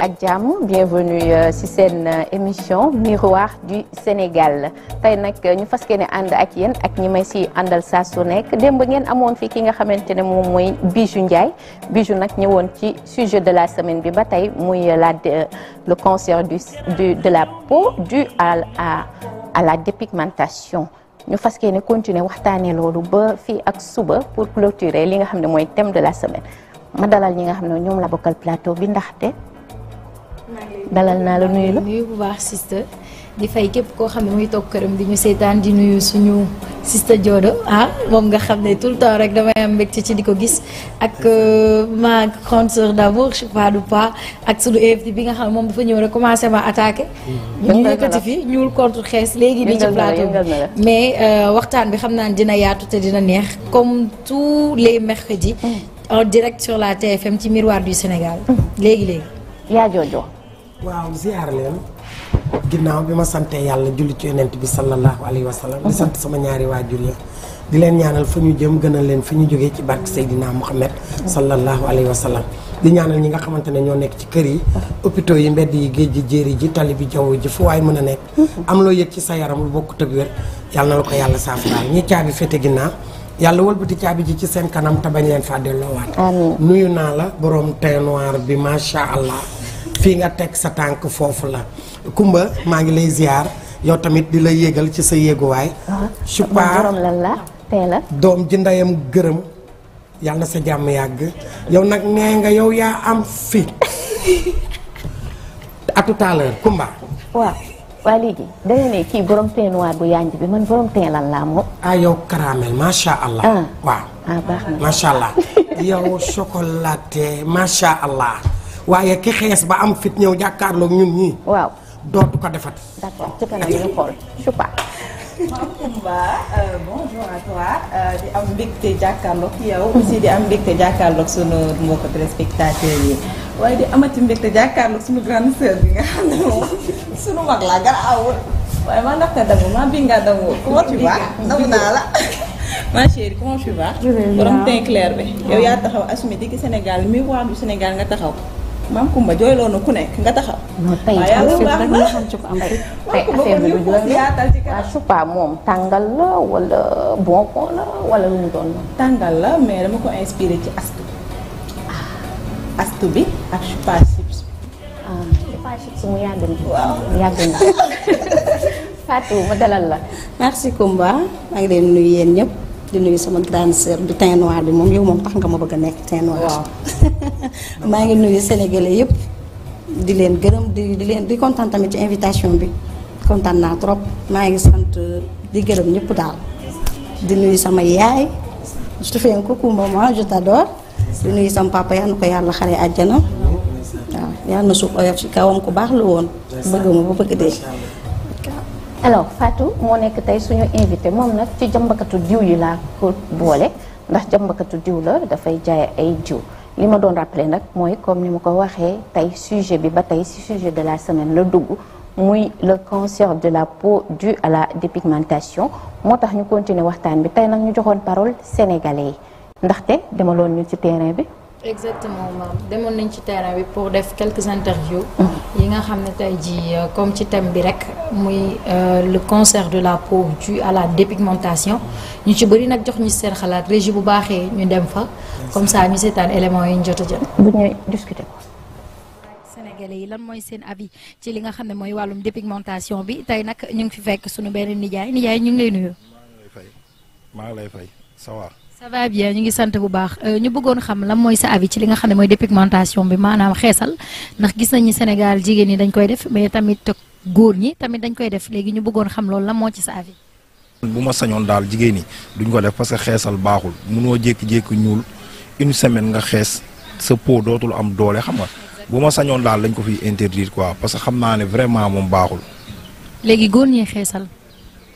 ak jàmm bienvenue euh, ci seen euh, émission miroir du Sénégal tey nag euh, ñu fas ne ànd ak yéen ak ñi may ci àndal sa su nekk démb ngeen amoon fi ki nga xamante ne moom mooy Bijou Ndiaye Bijou nag ñëwoon ci sujet de la semaine bi ba tey muy la le cancer du de la peau dû à à la dépigmentation ñu fas yéene continuer waxtaanee loolu ba fii ak suba pour clôturer li nga xam ne mooy thème de la semaine ma dalal ñi nga xam ne ñoom la bokkal plateau bi ndaxte. dalal naa la nuyu la nuyu bu baax sister. di fay képp koo xam ne muy toog këram di ñu seetaan di nuyu suñu sista Diodo ah moom nga xam ne tout le temps rek damay am mbégte ci di ko gis ak euh, ma grande sœur d'amour je crois du pas ak suñu EFD bi nga xam ne moom dafa ñëw rek commencé ma attaqué. ñu ñu yëkkati ñuul contre xees léegi nii ci plateau mais euh, waxtaan bi xam naa dina yaatu te dina neex comme tous les mercredis. Mm. en direct sur la TFM ci Miroir du Sénégal. Mm. léegi léegi. yaa joojo. waaw ginnaaw bi ma santee yàlla julli ci yonent bi sallallahu alayhi wa sallam di sant sama ñaari waajur ya di leen ñaanal fu ñu jëm gën a leen fu ñu jógee ci barke Seydina Muhammad sallallahu alayhi wa sallam di ñaanal ñi nga xamante ne ñoo nekk ci kër yi hôpitaux yi mbedd yi géej ji jéeri ji tali bi jaww ji fu waay mën a nekk am loo yëg ci sa yaram lu bokk tëb wér yàlla na la ko yàlla saafaraal ñi caabi féete ginnaaw yàlla wëlbati caabi ji ci seen kanam te bañ leen faa delloowaat nuyu naa la borom teint bi macha allah fii nga teg sa tànk foofu la Kumba maa ngi lay ziar yow tamit di lay yéegal ci sa yéeguwaay. waaw uh-huh. lan doom ji ndeyam gërëm yàlla sa jàmm yàgg yow nag nee nga yow yaa am fit à tout à l'heure Kumba. waaw waa léegi da kii borom teen bu yànj bi man borom teen lan laa moom. ah yow caramel macha allah. Ah. waaw ah allah. yow chocolaté macha allah waaye ki xees ba am fit ñëw jàkkaarloog ñun ñii. dootu ko defat d'accord ci kanam ñu xool Choupa. Kumba euh, euh, di am mbégte jàkkaarloog yow. aussi di am mbégte jàkkaarloog sunu mbokk téléspectateurs yi. waaye di amati mbégte jàkkaarloog sunu grande bi nga xam ne moom sunu mag laa garaawul. waaye maa ndaxte dangu maa bii ngaa dangu. comment tu vas nangu naa la. ma chérie comment tu vas. borom teint bi. yow yaa taxaw assumé Sénégal miroir du Sénégal nga taxaw. maam Kumba jooyloo na ku nekk nga taxaw. waaw yàlla baax na non tey am fit tey affaire bi du jooy moom tàngal la wala bon bon la wala lu mu doon. tàngal la mais dama ko inspiré ci astu bi. Ah. astu bi ak Chupa Chips. ah Chupa Chips mu yàgg na. waaw yàgg na Fatou ma dalal la. merci Kumba maa ngi nuyu yéen ñëpp di nuyu sama grande sœur du teint noir bi moom yow moom tax nga ma bëgg a nekk teint noir. maa ngi nuyu sénégalais yépp di leen gërëm di di leen di kontaan tamit ci invitation bi kontaan naa trop maa ngi sant di gërëm ñépp daal di nuyu sama yaay je te fais un coucou maman je di nuyu sama papa yal ko yàlla xaree àjjana waaw yal na oyof ci kawam ku baax la woon bëgg ma ba bëgg dee alors Fatou moo nekk tey suñu invité moom nag ci jàmbakatu diw yi laa ko boole ndax jambakatu diw la dafay jaay ay diw li ma doon rappelé nag mooy comme ni ma ko waxee tey sujet bi ba tey ci sujet de la semaine la dugg muy le cancer de la peau dû à la dépigmentation moo tax ñu continuer waxtaan bi tey nag ñu joxoon parole sénégalais yi ndaxte demaloon ñu ci terrain bi exactement maam demoon nañ ci terrain bi pour def quelques interviews. Mm-hmm. yi nga xam ne tey jii euh, comme ci thème bi rek muy euh, le cancer de la peau dû à la dépigmentation ñu ci bëri nag jox ñu seen xalaat régie bu baaxee ñu dem fa. comme ça ñu seetaan éléments yi ñu jot a jël. bu ñuy discuter ko. Sénégalais yi lan mooy seen avis ci li nga xam ne mooy wàllum dépigmentation bi tey nag ñu ngi fi fekk suñu benn nijaay nijaay ñu ngi lay nuyu. ça va bien ñu ngi sant bu baax euh, ñu bëggoon xam lan mooy sa avis ci li nga xam ne mooy dépigmentation bi maanaam xeesal ndax gis nañu Sénégal jigéen ñi dañ koy def mais tamit góor ñi tamit dañ koy def léegi ñu bëggoon xam loolu lan moo ci sa avis. bu ma sañoon daal jigéen ñi duñ ko parce que xeesal baaxul mu mënoo jékki jékk ñuul une semaine nga xees sa peau dootul am doole xam nga bu ma sañoon daal lañ ko fi interdire quoi parce que xam naa ne vraiment moom baaxul. léegi góor ñiy xeesal.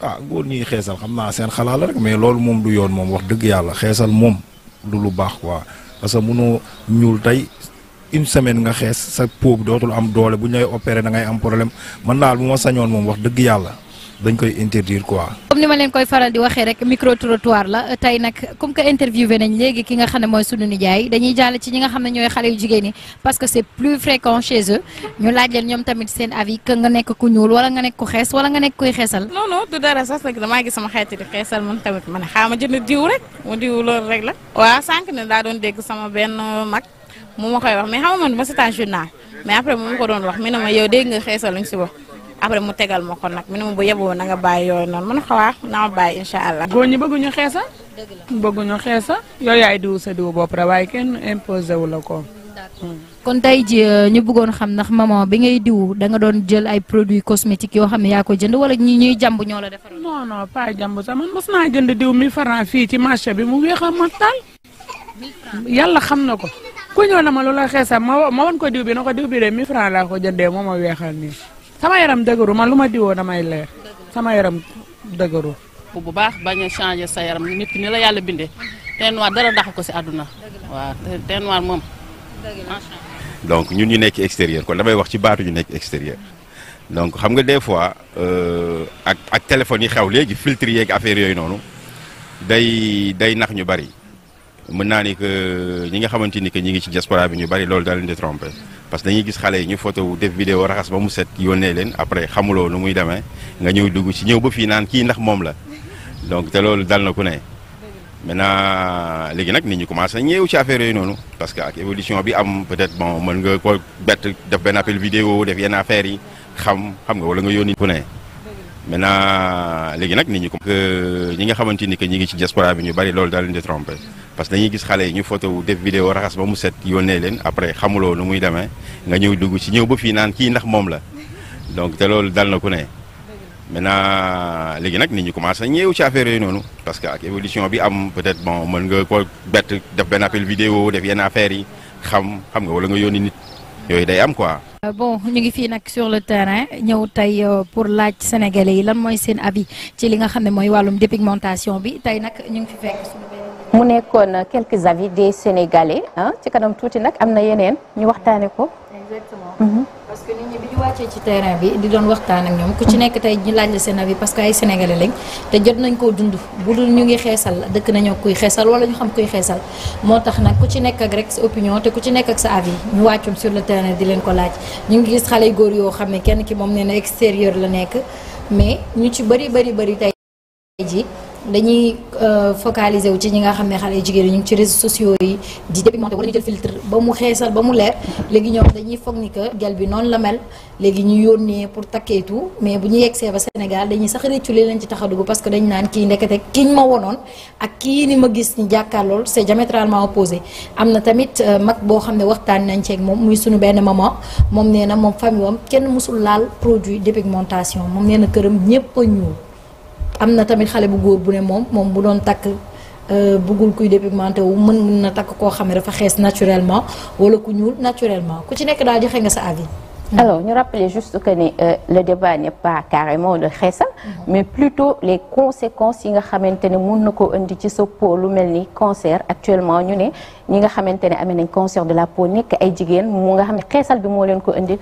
ah góor ñuy xeesal xam naa seen xalaat la rek mais loolu moom du yoon moom wax dëgg yàlla xeesal moom du lu baax quoi parce que mënoo ñuul tey une semaine nga xees sa peau bi dootul am doole bu ñu lay opéré da am problème man daal bu ma sañoon moom wax dëgg yàlla dañ koy interdire quoi. comme ni ma leen koy faral di waxee rek micro trottoir la tey nag comme que interviewé nañ léegi ki nga xam ne mooy sunu nijaay dañuy jàll ci ñi nga xam ne ñooy xale yu jigéen ñi parce que c'est plus fréquent chez eux ñu laaj leen ñoom tamit seen avis que nga nekk ku ñuul wala nga nekk ku xees wala nga nekk koy xeesal. non non du dara sax nag damaa gis sama xeeti di xeesal man tamit ma ne xaaral ma jënd diw rek mu diw loolu la. waaw sànq ne daa doon dégg sama benn mag mu ma koy wax mais xam nga man ma seetaan journal ko doon wax mi ne ma yow dégg nga xeesal luñ si wax après mu tegal ma ko nag mu ne ma bu yeboo na nga bàyyi yooyu noonu man xawaa naa bàyyi incha allah. góor ñi bëgguñu xeesa. dëgg la bëgguñu xeesa. yow yaay diw sa diw bopp rek waaye kenn imposé wu la ko. Hmm. kon tey ji euh, ñu buggoon xam ndax maman bi ngay diw da nga doon jël ay produits cosmétiques yoo xam ne yaa ko jënd wala ñi ñuy jàmb ñoo la defar. non non pas jàmb sax mos naa jënd diw 1000 francs fii ci marché bi mu weex a ma taal. yàlla xam na ko. ku ñëw na ma loola xeesa ma ma ko na ko diw bi de 1000 francs laa ko jëndee moo sama yaram dëgëru man lu ma diwoo damay leer sama yaram dëgëru bu baax bañ a changer sa yaram nit ki la yàlla bindee teint noir dara daxu ko si àdduna waaw teint noir moom donc ñun ñu nekk extérieur kon damay wax ci baatu ñu nekk extérieur donc xam nga des fois euh, ak ak téléphones yi xew léegi filtre yeeg affaire yooyu noonu day day nax ñu bari mën naa ni que ñi nga xamante ni que ñi ngi ci diaspora bi ñu bari loolu da leen di parce que dañuy gis xale yi ñu photo wu def vidéo raxas ba mu set yónnee leen après xamuloo nu muy demee nga ñëw dugg ci ñëw ba fii naan kii ndax moom la donc te loolu dal na ku ne maintenant léegi nag ni ñu commencé na ci affaire yooyu noonu parce que ak évolution bi am peut-être bon nga ko bett def benn appel vidéo def yenn affaires yi xam xam nga wala nga yónni ku ne maintenant léegi nag nit ñi ko ñi nga xamante ni ñu ñi ngi ci diaspora bi ñu bari loolu daal leen di parce que dañuy gis xale yi ñu photo wu def vidéo raxas ba mu set yónnee leen après xamuloo nu muy demee nga ñëw dugg ci ñëw ba fii naan kii ndax moom la donc te loolu dal na ku ne maintenant léegi nag nit ñi commencé ñëw ci affaire yooyu noonu parce que ak évolution bi am peut-être bon mën nga ko bett def benn appel vidéo def yenn affaires yi xam xam nga wala nga yónni nit yooyu day am quoi. Euh, bon ñu ngi fii nag sur le terrain ñëw tey euh, pour laaj sénégalais yi lan mooy seen avis ci li nga xam ne mooy wàllum dépigmentation bi tey nag ñu mu nekkoon quelque avis des sénégalais ci kanam tuuti nag am na yeneen ñu waxtaane ko. exactement. Mhm. parce que nit bi ñu wàccee ci terrain bi di doon waxtaan ak ñoom ku ci mhm. nekk tey ñu laaj la seen avis parce que ay sénégalais lañ te jot nañ koo dund bu dul ñu ngi xeesal dëkk nañoo kuy xeesal wala ñu xam kuy xeesal moo tax nag ku ci nekk ak rek sa opinion te ku ci nekk ak sa avis ñu wàccum sur le terrain di leen ko laaj ñu ngi gis xale góor yoo xam ne kenn ki moom nee na extérieur la nekk mais ñu ci bëri bëri bëri tey ji dañuy euh, focaliser wu ci ñi nga xam ne xale jigéen ñu ngi ci réseaux sociaux yi di dépigmenté wala ñu jël filtre ba mu xeesal ba mu leer léegi ñoom dañuy foog ni que gel bi noonu la mel léegi ñu yónnee pour takkee tout mais bu ñu yegsee ba Sénégal dañuy sax réccu li leen ci tax a parce que dañu naan kii ndekete ki ñu ma wonoon ak kii ni ma gis ñu jàkkaarlool c'est diamétralement opposé am na tamit euh, mag boo xam ne waxtaan nañ ceeg moom muy suñu benn maman moom nee na moom famille am kenn musul laal produit dépigmentation moom nee na këram ñëpp a ñuul am na tamit xale bu góor bu ne moom moom bu doon takk euh, bëggul kuy dépigmenté wu mën mun na takk koo xam ne dafa xees naturellement wala ku ñuul naturellement ku ci nekk daal joxe nga sa avis. Mm-hmm. alors ñu rappeler juste que ni euh, le débat n'est pas carrément le xeesal mm-hmm. mais plutôt les conséquences yi nga xamante ne mun na koo indi ci sa peau lu mel ni cancer actuellement ñu ne ñi nga xamante ne amee nañ cancer de la peau nekk ay jigéen mu nga xam ne xeesal bi moo leen ko indi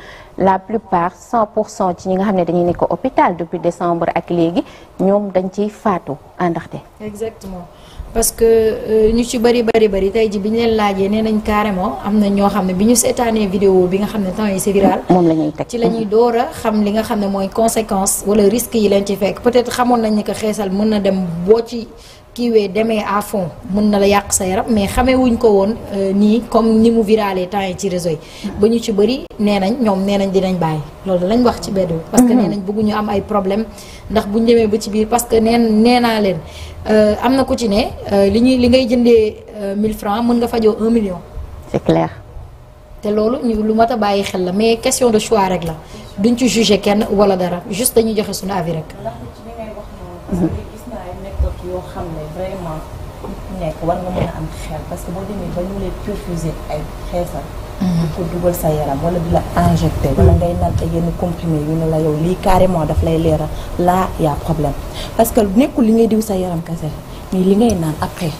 la plupart 100 pour cent ci ñi nga xam ne dañuy nekk hôpital depuis décembre ak léegi ñoom dañ ciy faatu àndaxte exactement parce que euh, ñu ci bëri bëri bëri tey ji bi ñu leen laajee nee nañ carrément am na ñoo xam ne bi ñu seetaanee vidéo bi nga xam ne temps yi c'est viral moom la ci la ñuy door xam li nga xam ne mooy conséquence wala risque yi leen ci fekk peut-être xamoon nañ ñu ko xeesal mën na dem boo ci kiiwee demee à fond mën na la yàq sa yaram mais xamee ko woon euh, nii comme ni mu virale temps yi ci réseau ba ñu ci bëri nee nañ ñoom nee nañ dinañ bàyyi loolu lañ wax ci mbedd parce que nee nañ bëgguñu am ay problème ndax buñ demee ba ci biir parce que neen nee naa leen euh, am na ku ci ne euh, li ñuy li ngay jëndee 1000 francs mën nga fajoo 1 million. c'est clair. te loolu ñu lu mat a bàyyi xel la mais question de choix rek la duñ ci juger kenn wala dara juste dañuy joxe suñu avis rek. yoo xam ne vraiment nekk war nga mën a am xel parce que boo demee ba ñu lay perfuser ay xeesal mhm. di ko dugal sa yaram wala du la injecté wala ngay naan ay yenn comprimé yu ne la yow lii carrément daf lay leeral laa yaa a problème parce que nekkul li ngay diw sa yaram kese mais li ngay naan après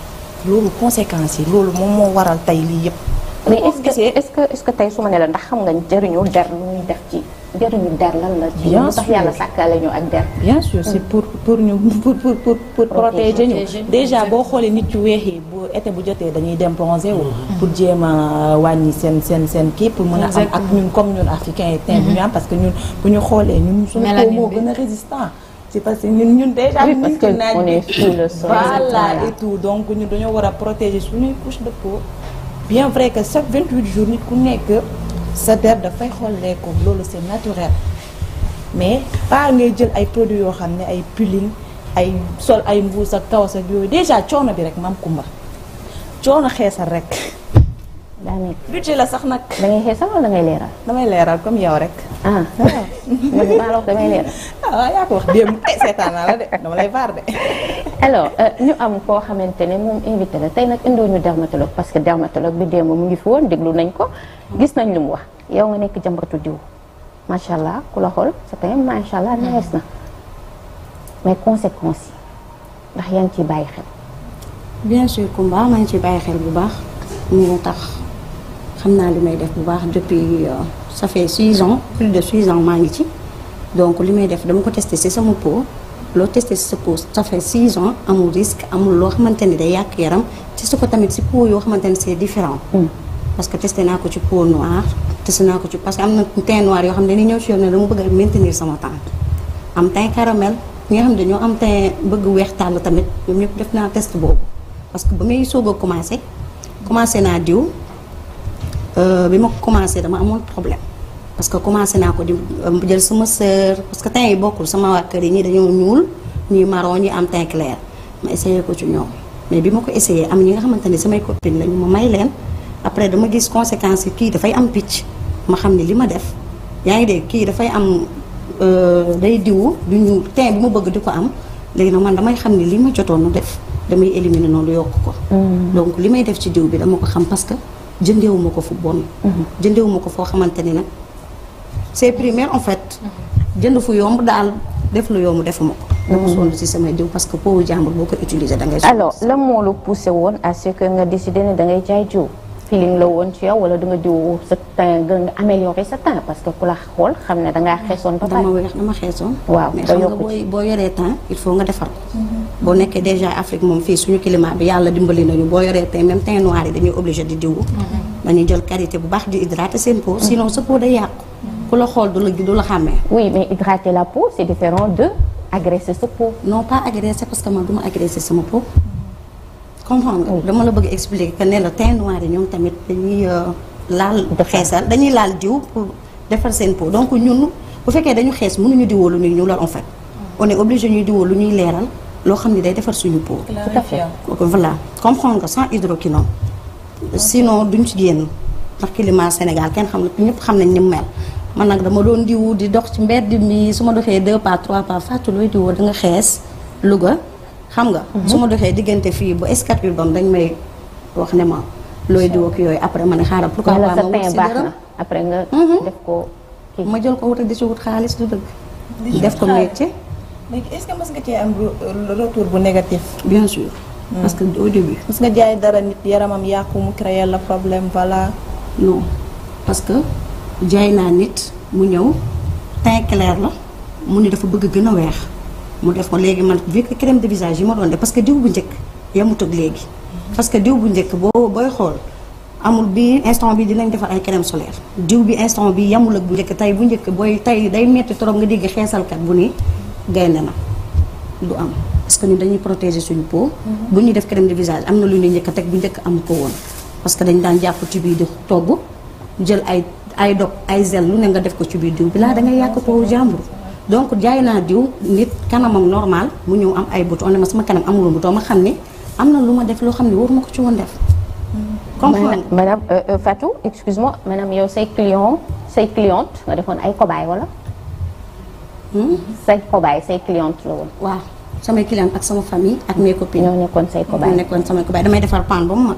loolu conséquence yi loolu moom moo waral tey lii yëpp mais oh, est ce que est ce que tey su ma ne la ndax xam nga jëriñu der lu muy def ci jëriñu der lan la. ci ñu ak der. bien sûr c'est pour pour ñu pour pour pour protéger ñu. déjà boo xoolee nit yu weex yi bu été bu jotee dañuy dem bronzé wu. Mhm. pour jéem a wàññi seen seen seen kii pour mën a am ak ñun comme ñun africain yi teint bu ñu mhm. parce que ñun bu ñu xoolee ñun suñu peau moo gën a résistant. c'est parce que ñun ñun déjà. oui parce que on est sous le soleil voilà donc ñun dañoo war a suñuy couche de bien vrai que chaque 28 jours nit ku nekk sa der dafay xolleeku loolu c'est naturel mais pas ngay jël ay produits yoo xam ne ay peeling ay sol ay mbuus ak kawas ak yooyu déjà coono bi rek maam kumba coono xeesal rek. daa métti budget la sax nag. da ngay xeesal wala da ngay leeral. damay leeral comme yow rek. ah man maa wax damay leer. waaw yaa ko wax démb seetaan naa la de dama lay baar de. alors euh, ñu am koo xamante ne moom invité la tey nag indoo ñu dermatologue parce que dermatologue bi démb mu ngi fi woon déglu nañ ko gis nañ lu mu wax yow nga nekk jàmbatu diw macha allah ku la xool sa tey macha allah neex na mais conséquences yi ndax yaa ngi ciy bàyyi xel. bien sûr Kumba maa ngi ciy bàyyi xel bu baax ñu tax xam naa li may def bu baax depuis. Euh, ça fait six ans plus de six maa ngi ci donc li may def dama ko testé ci sama peau loo testé ci sa peau ça fait six ans amul risque amul loo xamante ni day yàq yaram testé ko tamit ci peau yoo xamante ni c'est différent mm. parce que testé naa ko ci peau noire testé naa ko ci parce que am na teint noir yoo xam ne ni ñëw ci yow ne dama bëgg a maintenir sama teint am teint caramel nga xam ne dañoo am teint bëgg weex tàll tamit ñoom yëpp def naa test boobu parce que ba may soog commencé commencé naa diw Euh, bi ma ko commencé dama amoon problème parce que commencé naa ko di euh, jël sama sœur parce que teint yi bokkul sama waa kër yi ñii dañoo ñuul ñii marron ñii am teint clair ma essayé ko ci ñoom mais bi ma ko essayé am ñi nga xamante ne samay copine la ñu ma may leen après dama gis conséquences yi kii dafay am picc ma xam ne li ma def yaa ngi dee kii dafay am euh, day diw du ñuul teint bi ma bëgg di ko am léegi nag man damay xam ni li ma jotoon def damay éliminer noonu yokk ko mm. li may def ci diw bi dama ko xam parce que jëndeewu ko fu bon. Mhm. jëndeewu ma ko foo xamante ni nag c'est primaire en fait. Mhm. jënd fu yomb daal def lu yomb defuma ko. Mhm. dama sonn ci samay diw parce que powu jàmbur boo ko utiliser da ngay. alors lan moo la poussé woon à ce que nga décidé ne da ngay jaay jiw. feeling la woon ci yow wala da nga jiw sa teint gën nga améliorer sa teint parce que ku la xool xam ne da ngaa xeesoon. ba pare dama weex dama xeesoon. waaw mais xam nga boo yoree teint il faut nga defar ko. Mhm. boo nekkee déjà Afrique moom fii suñu climat bi yàlla dimbali nañu boo yoree teint même teint noir yi dañuy obligé di diwu mhm. dañuy jël qualité bu baax di hydrater seen peau. Mhm. sinon sa peau day yàqu. ku la xool du la du la xàmmee. oui mais hydrater la po c'est différent de agresser sa peau. non pas parce que man du ma agresser sama peau. comprendre dama la bëgg expliquer que ne la teint noir yi ñoom tamit dañuy euh, laal xeesal dañuy laal diw pour defar seen peau donc ñun bu fekkee dañu xees mënuñu diwoo lu ñuy ñuulal en fait ah. on est obligé ñuy lu ñuy leeral loo xam ni day defar suñu peau tout à fait voilà comprendre nga sans hydroquinone sinon duñu ci génn ndax climat Sénégal kenn xam ne ñëpp xam nañ ni mu mel man nag dama doon diwu di dox ci mbedd mi su ma doxee deux pas trois pas fàttu looy diwoo da nga xees Louga xam nga. Mhm. su ma doxee diggante fii ba escapé bam dañ may wax ne ma looy diw ak yooyu après ma ne xaaral. pourquoi pas ma wut si dara après nga mhm. def ko kii ma jël ko wutal di ci wut xaalis du dëgg. def ko métier. léegi est-ce que mës nga cee am retour bu négatif. bien hmm. parce que au début. mës nga jaay dara nit yaramam yàqu mu créé la problème voilà. non parce que jaay naa nit mu ñëw teint clair la mu ne dafa bëgg gën a weex. mu def ko léegi man vu que crème yi ma doon def que diw bu njëkk yemut ak léegi. parce que diw bu njëkk boo booy xool amul bi instant bi dinañ defar ay crème solaire diw bi instant bi yemul ak bu njëkk tey bu njëkk booy tey day metti trop nga dégg xeesalkat bu ni gaynde na du am parce que dañuy protégé suñu po mhm. bu ñuy def kerem de visage am na lu ñu njëkk teg bu njëkk am ko woon parce que dañ daan jàpp ci biir di togg jël ay ay dog ay zel lu ne nga def ko ci biir diw bi laa da ngay yàq peau jàmbur. donc jaay naa diw nit kanamam normal mu ñëw am ay bouton ne ma sama kanam amul bouton ma xam ni am na lu ma def loo xam ne waruma ko ci woon def. comprendre madame euh, euh, Fatou excuse-moi maanaam yow say client say defoon ay cobaye wala. Hmm? say cobaye say cliente la woon. waaw samay cliente ak sama famille ak mes copines. ñoo nekkoon say cobaye ñoo nekkoon samay cobaye damay defar pan ba mu mag.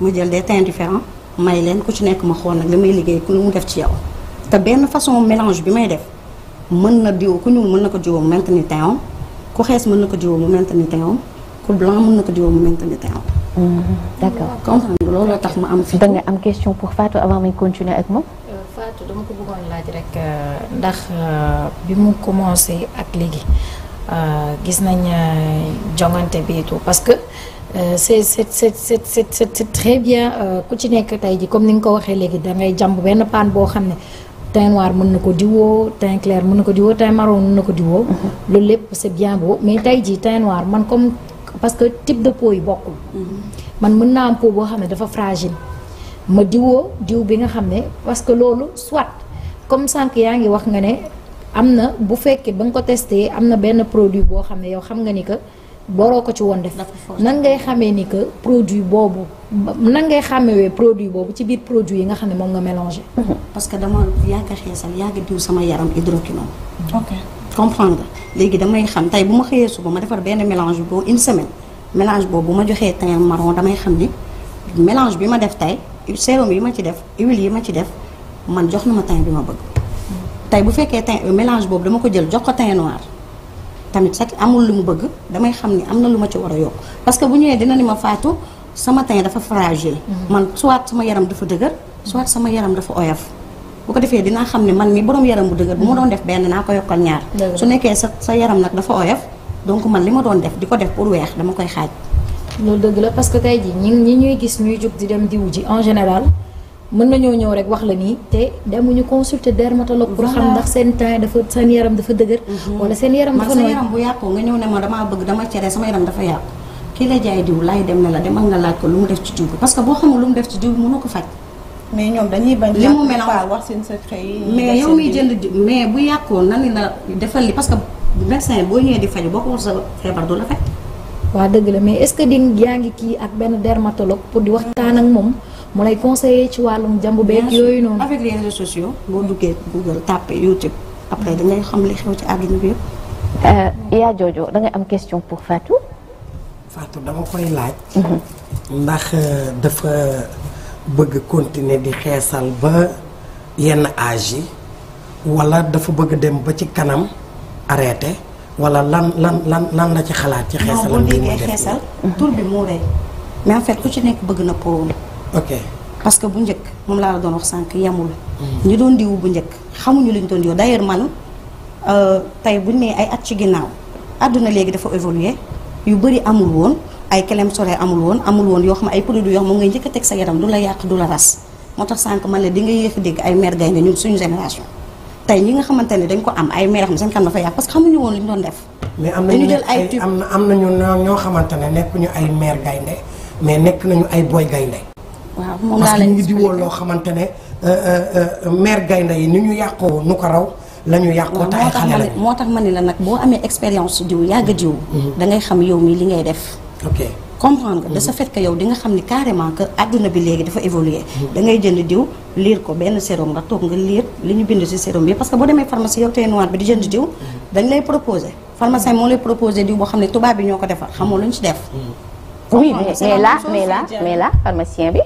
ma jël des teints différents may leen ku ci nekk ma xool nag li may liggéey ku lu mu def ci yow te benn façon mélange bi may def. mën na diw ku ñuul mën na ko diwoo mu maintenir teint am ku xees mën na ko diwoo mu maintenir teint am ku blanc mën na ko diwoo mu maintenir teint am. Mm-hmm. d'accord comprendre tax ma am fi. da nga am question pour Fatou avant may continuer ak moom. Euh, Fatou ko bëggoon laaj rek euh, ndax euh, bi mu commencé ak léegi gis nañ jongante bi tout parce que. Euh, c'est c'est c'est c'est c'est c'est très bien ku ci nekk tey ji comme ni nga ko waxee léegi da ngay jàmb benn paan boo xam ne teint noir mën na ko diwoo teint clair mën na ko diwoo teint marron mën na ko diwoo. Mhm. loolu lépp c'est bien beau mais tey jii teint noir man comme parce que type de peau yi bokkul. Mhm. man mën naa am peau boo xam ne dafa fragile. ma diwoo diw bi nga xam ne parce que loolu soit comme sànq yaa ngi wax nga ne am na bu fekkee ba nga ko testé am na benn produit boo xam ne yow xam nga ni que. waroo ko ci woon def nan ngay xamee ni que produit boobu nan ngay wee produit boobu ci biir produits yi nga xam ne moom nga mélangé mhm. parce que dama yàgg a xeesal yàgg diw sama yaram hydroquinone mhm. ok comprendre léegi damay xam tey bu ma xëyee suba ma defar benn mélange boo une semaine mélange boobu bu ma joxee ten marron damay xam ni mélange bi ma def tey sérum yi ma ci def huile yi ma ci def man jox na ma teint bi ma bëgg mhm. tey bu fekkee teint mélange boobu dama ko jël jox ko teint tamit sax amul lu mu bëgg damay xam ni am na lu ma ci war a yokk parce que bu ñëwee dina ni ma faatu sama teint dafa fragile. Mm-hmm. man soit sama yaram dafa dëgër soit sama yaram dafa oyof bu ko defee dinaa xam ne man mi borom yaram bu dëgër bu ma doon def benn naa ko yokkal ñaar su nekkee sa sa yaram nag dafa oyof donc man li ma doon def di ko def pour weex dama koy xaaj loolu dëgg la parce que tey jii ñi ñi ñuy gis ñuy jóg di dem diwu ji en général mën nañoo ñëw rek wax la nii te demuñu consulter dermatologue pour xam ndax seen teint dafa seen yaram dafa dëgër. Mhm. wala seen yaram dafa nooy man sa yaram bu yàqu nga ñëw ne ma damaa bëgg dama cere sama yaram dafa yàqu. kii la jaay diw laay dem ne la demal nga laaj ko lu mu def ci diw bi parce que boo xamul lu mu def ci diw bi mënoo ko faj. mais ñoom dañuy bañ. li mu mel wax seen secret yi mais yow miy jënd mais bu yàqoon nan la defal li parce que médecin boo ñëwee di faju boo ko sa feebar du la faj. waaw dëgg la mais est-ce que di yaa ngi kii ak benn dermatologue pour di waxtaan ak moom mu lay conseiller ci wàllum jàmbu beeg yooyu noonu. avec les réseaux sociaux boo duggee Google tapé YouTube après da ngay xam li xew ci àdduna bi yëpp. Euh, yaa joojo da am question pour Fatou. Fatou dama koy laaj. Mhm. ndax euh, dafa bëgg continuer di xeesal ba yenn âge yi wala dafa bëgg dem ba ci kanam arrêté wala lan lan lan lan la ci xalaat. ci xeesal bi mu def xeesal tur bi moo rey mais en ku ci nekk bëgg na pour ok parce que bu njëkk moom laa doon wax sànq yemul. ñu doon diw bu njëkk xamuñu li ñu doon diw d'ailleurs man euh, tey buñ nee ay at ci ginnaaw àdduna léegi dafa évoluer yu bëri amul woon ay kelem sore woon amul woon yoo xam ay produits yoo xam moom ngay njëkk a teg sa yaram du la yàq moo tax sànq man nga yéex ay mère gaynde suñu génération tey ñi nga xamante ne dañ ko am ay mère xam seen que xamuñu woon ñu doon def. dañu jël ay mais am nañu am ñoo xamante ne nekkuñu ay mère gaynde mais nekk nañu ay boy gaynde waaw moom laa leen parce que ngi diwoon loo xamante ne euh, euh, euh, mère gaynde yi ni ñu yàqoo nu ko raw la ñu yàqoo taay xale la moo tax ma ni la nag boo amee expérience jiw yàgg jiw mhm. da ngay xam yow mi li ngay def ok comprendre nga de mhm. ce fait que yow di nga xam ni carrément que àdduna bi léegi dafa évoluer mhm. da ngay jënd diw liir ko benn sérum nga toog nga liir li ñu bind ci sérum bi parce que boo demee pharmacie yow tey noir bi di jënd diw dañ lay proposer pharmacien moo lay proposer diw boo xam ne tubaab bi ñoo ko defar xamoo lu ñu ci def oui mais là mais là mais là pharmacien bi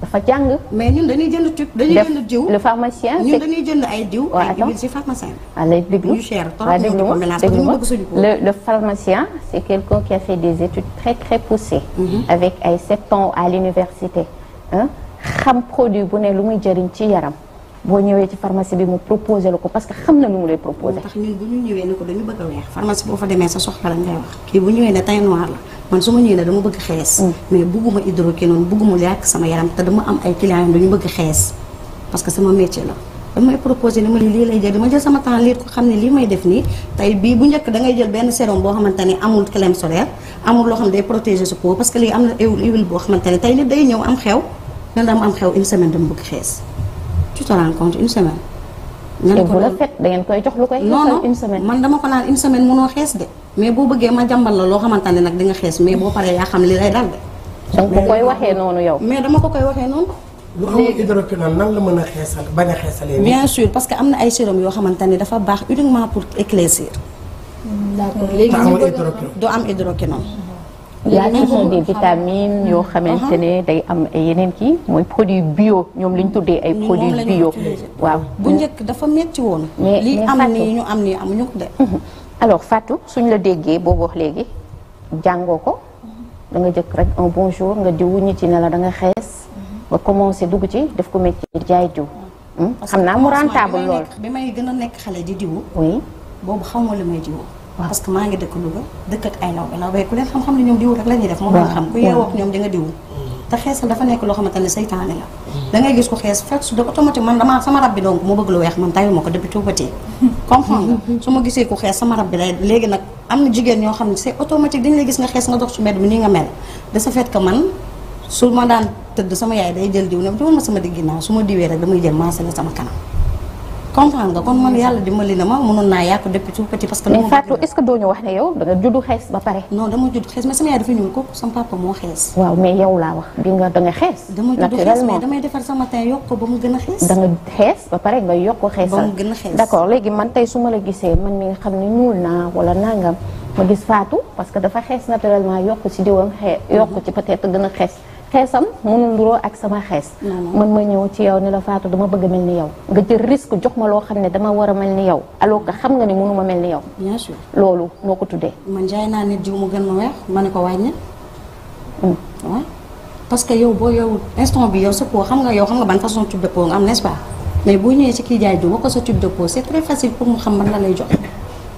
dafa jàng. mais ñun dañuy jënd tube dañuy jënd diw le pharmacien. ñun dañuy jënd ay diw ay huiles ci pharmacien. waaw ah, lay déglu cher trop ñu ko mélange ñu bëgg suñu ko. le le pharmacien est quelqu'un qui a fait des études très très poussées. Mhm. avec ay sept ans à l'université xam produit bu ne lu muy jëriñ ci yaram. boo ñëwee ci pharmacie bi mu proposé la ko parce que xam na nu mu lay proposé. tax ñun bu ñu ñëwee ne ko dañu bëgg a weex pharmacie boo fa demee sa soxla la ngay wax kii bu ñëwee ne teint noir la man su ma ñëwee ne dama bëgg xees. Mm. mais bugguma hydroquinone bugguma yàq sama am ay clients yi dañu bëgg xees parce que sama métier la. damay proposé ni ma lii lay jël dama jël sama temps xam ne lii may def nii tey bii bu njëkk da ngay jël benn sérum boo xamante ne amul crème solaire amul loo xam ne day protéger sa peau parce que lii am na huile boo xamante ne tey nit day ñëw am xew nan la am xew une semaine dama bëgg xees tu te rends compte une semaine. nga ne ko da koy jox lu koy. une semaine man dama ko naan une semaine mënoo xees de. mais boo bëggee ma jàmbal la loo xamante ne nag di nga xees mais boo paree yaa xam li lay dal de. donc ko koy waxee noonu yow. mais dama ko koy waxee noonu. lu amul hydroquinone nan la mën a xeesal bañ a xeesalee. bien sûr parce que am na ay sérum yoo xamante ne dafa baax uniquement pour éclaircir. d'accord léegi du am hydroquinone. yaa ce sont des vitamines yoo xamante ne day am ay yeneen ki mooy produit bio ñoom li tuddee ay produit bio waaw bu njëkk dafa metti woon li am ni ñu am ni amuñu ko de alors Fatou suñ la déggee boo wax léegi jàngoo ko mhm. da nga jëkk rek un bonjour nga diw ñi ci ne la da mhm. nga xees ba commencé dugg ci def ko métier jaay diw mhm. hmm? xam naa mu rentable lool bi may gën a nekk xale di diw oui boobu xamoo li may diw waaw parce que maa ngi dëkk Louga dëkk ak ay nawbe nawbe ku leen xam-xam ne ñoom diw rek la def moom nga xam ku yeewoo ak ñoom di nga diwu mm. te xeesal dafa nekk loo xamante ne seytaane la mm. da ngay gis ko xees fekk su da automatique sama rab bi donc mu bëgg man tayu ma ko depuis ma gisee ku xees sama rab bi lay léegi nag am na jigéen ñoo xam ne c'est automatique dañu lay gis nga xees nga dox ci mbedd bi nii nga mel de ce fait man su ma daan tëdd sama yaay day jël diw ne diwul ma sama digg ginnaaw su ma diwee rek damay jël maasale sama kanam comprendre nga kon man yàlla dimbali na ma mënoon naa yàqu depuis tout petit parce que mais Fatou est-ce que doo ñu wax ne yow da juddu xees ba pare non dama juddu xees wax nga da nga xees dama juddu damay defar sama teint ko ba mu gën a xees da nga xees pare nga yokk ko xeesal ba mu gën a xees d'accord léegi man tey su ma la gisee man mi nga xam ne ñuul naa wala nangam ma gis Fatou parce que dafa xees naturellement yokk ci diwam xee yokk ci peut-être gën a xees xeesam mënul nduroo ak sama xees man ma ñëw ci yow ni la Fatou dama bëgg a mel ni yow nga jël risque jox ma loo xam ne dama war a mel ni yow alors que xam nga ni mënuma mel ni yow bien sûr loolu ko tuddee man jaay naa nit jiw mu gën ma ma ne ko wàññi waaw mm. que yow boo yow instant bi yow sa peau xam nga yow xam nga ban façon tube de peau nga am n'est-ce pas mais boo ñëwee ci kii jaay jiw wax ko sa tube de peau c'est très facile pour mu xam ban la lay jox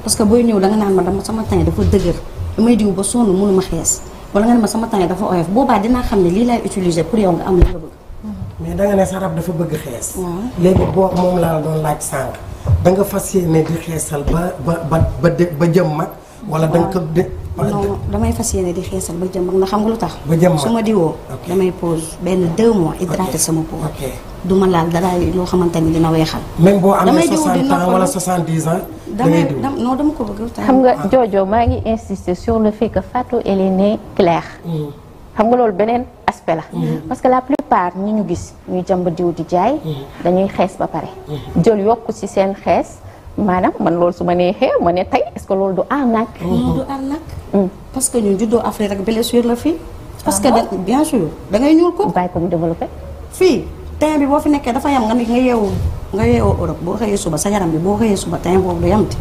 parce que booy ñëw da nga naan ma dama sama teint dafa dëgër damay diw ba sonn ma xees wala nga ne ma sama temps yi dafa oyof boobaa dinaa xam ne lii laay utiliser pour yow nga am li nga bëgg. mais danga ne sa rab dafa bëgg xees. Hmm. léegi boo moom laa la doon laaj sànq. danga fas yéene di xeesal ba ba ba ba jëm mag. wala danga ko de. non damay fas yéene di xeesal ba jëm na xam nga lu tax. ba jëm su ma diwoo. damay pause benn deux mois sama peau. du ma laal dara loo xamante ni dina weexal. même boo amee 60 ans wala 70 ans. damay non dama ko bëgg. xam nga ah. Jojo maa ngi insister sur le fait que Fatou elle est née mm. xam nga loolu beneen aspect la. Mm. parce que la plupart ñi ñu gis ñuy jàmb diw di jaay. Mm. dañuy xees ba pare. jël yokk ci seen xees. maanaam man loolu su ma nee xee ma ne tey est-ce que loolu du arnaque. du arnaque. parce que ñun juddoo Afrique rek blessure la fii. Ah parce que bien sûr da ngay ñuul ko. bàyyi développé. fii ten bi boo fi nekkee dafa yam nga ni nga yeewu nga yeewoo Europe boo xëyee suba sa yaram bi boo xëyee suba teint boobu du yamti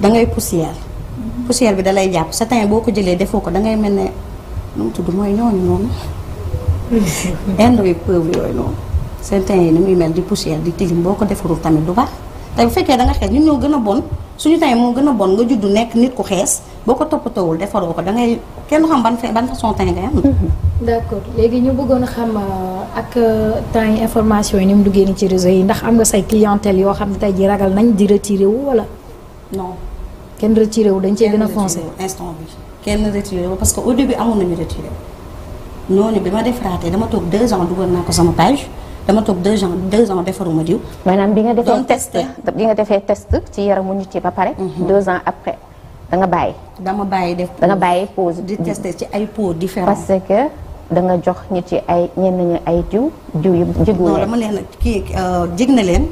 da ngay poussière. Mhm. poussière bi da lay jàpp sa boo ko jëlee defoo ko da ngay mel ne nu mu tudd mooy ñooñu noonu. indi bi peuple yooyu noonu. seen yi ni muy mel di poussière di tilim boo ko defarul tamit du baax. tey bu fekkee da nga xees ñun ñoo gën a bon suñu temps moo gën a bon nga judd nekk nit ku xees boo ko toppatoowul defaroo ko dangay ngay kenn xam ban ban son temps ngay am. Mm-hmm. d'accord léegi ñu bëggoon xam euh, ak euh, temps yi information yi ni mu duggee ni ci réseau yi ndax am nga say clientèle yoo xam ne tey ji ragal nañ di retiré wu wala. non kenn retiré wu dañ cee gën a foncé instant bi kenn retiré wu parce que au début amoon nañu retiré wu. noonu bi ma defaraatee dama toog deux ans dugal naa dama toog deux ans deux ans defaruma diw. maanaam bi nga defee test bi nga defee test ci yaramu nit yi ba pare. Mhm. deux ans après da nga bàyyi. dama bàyyi def da bàyyi pause. di tester ci ay peau différents. parce que da nga jox nit yi ay ñenn ñi ay diw diw yu jigéen non dama leen kii euh, jig na leen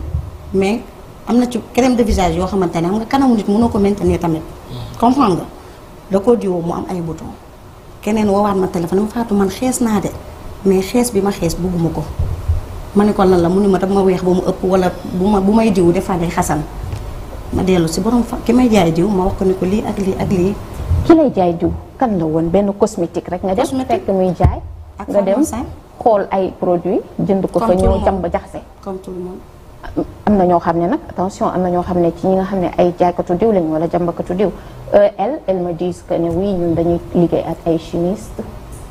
mais am na ci keneen de visage yoo xamante ne xam nga kanamu nit mënoo ko maintenir tamit. Mhm. comprendre nga da koo diwoo mu am ay boutons. keneen woowaat na téléphone mu faatu man xees naa de mais xees bi ma xees bugguma ko. ma ne ko lan la mu ne ma daf ma weex ba mu ëpp wala bu ma bu may diw des fois day xasan ma dellu si borom fa ki may jaay diw ma wax ko ne ko lii ak lii ak lii. ki lay jaay diw kan la woon benn cosmétique rek nga def fekk muy jaay. nga dem xool ay produits jënd ko fa ñëw jàmb jaxase. comme tout le monde. am na ñoo xam ne nag attention am na ñoo xam ne ci ñi nga xam ne ay jaaykatu diw lañ wala jàmbakatu diw elle elle me dit que ne ñun dañuy liggéey ak ay chimistes.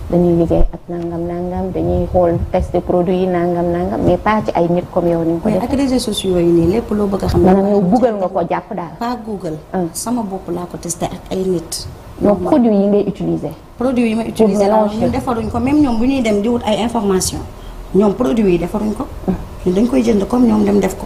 dañuy liggéey ak nangam nangam dañuy xool tester produits yi nangam nangam mais pas ci ay nit comme yow ni nga ko def ak réseaux sociaux yi nii lépp loo bëgg a xam maanaam yow Google nga ko jàpp daal pas Google ah. sama bopp laa ko testé ak ay nit donc produit yi ngay utiliser produits yi ma utiliser la ñu defaruñ ko même ñoom bu ñuy dem di wut ay information ñoom produit yi defaruñ ko ah. ñun dañ koy jënd comme ñoom dem def ko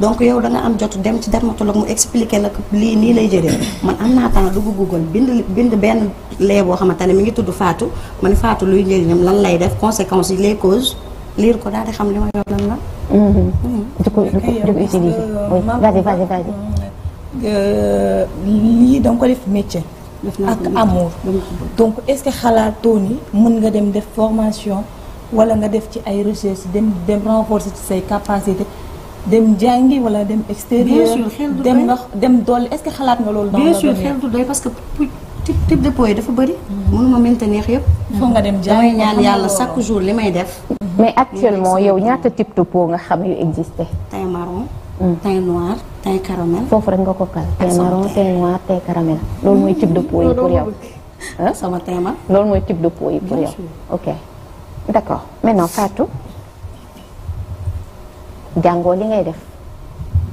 donc yow da am jot dem ci dermatologue mu expliqué la lii nii lay jëlee man am naa temps dugg Google bind bind benn lee boo xamante ne mi ngi tudd Fatou ma ne luy njëriñam lan lay def conséquences yi les causes liir ko daal di xam li ma yor lan la. Mm-hmm. Mm-hmm. du ko du ko du ko utiliser. Euh, vas-y euh, euh, lii da ko def métier. ak amour donc est-ce que xalaatoo ni mën nga dem def formation wala nga def ci ay recherche dem dem renforcer ci say capacité dem jàngi wala dem extérieur. dem nga dem doole est-ce que xalaat nga loolu. dans bien sûr xel du doy parce que type type de poids dafa bëri. Mhm. mënuma maintenir yëpp. foog nga dem jàngi damay ñaan yàlla chaque jour li may def. Mhm. mais actuellement yow ñaata type de peau nga xam yu existé. teint marron. Mhm. teint noir teint caramel. foofu rek nga ko kal teint marron teint noir teint caramel. loolu mooy type de peau yi pour yow. sama teint ma loolu mooy type de peau yi pour yow. ok d'accord maintenant Fatou. jàngoo li ngay def.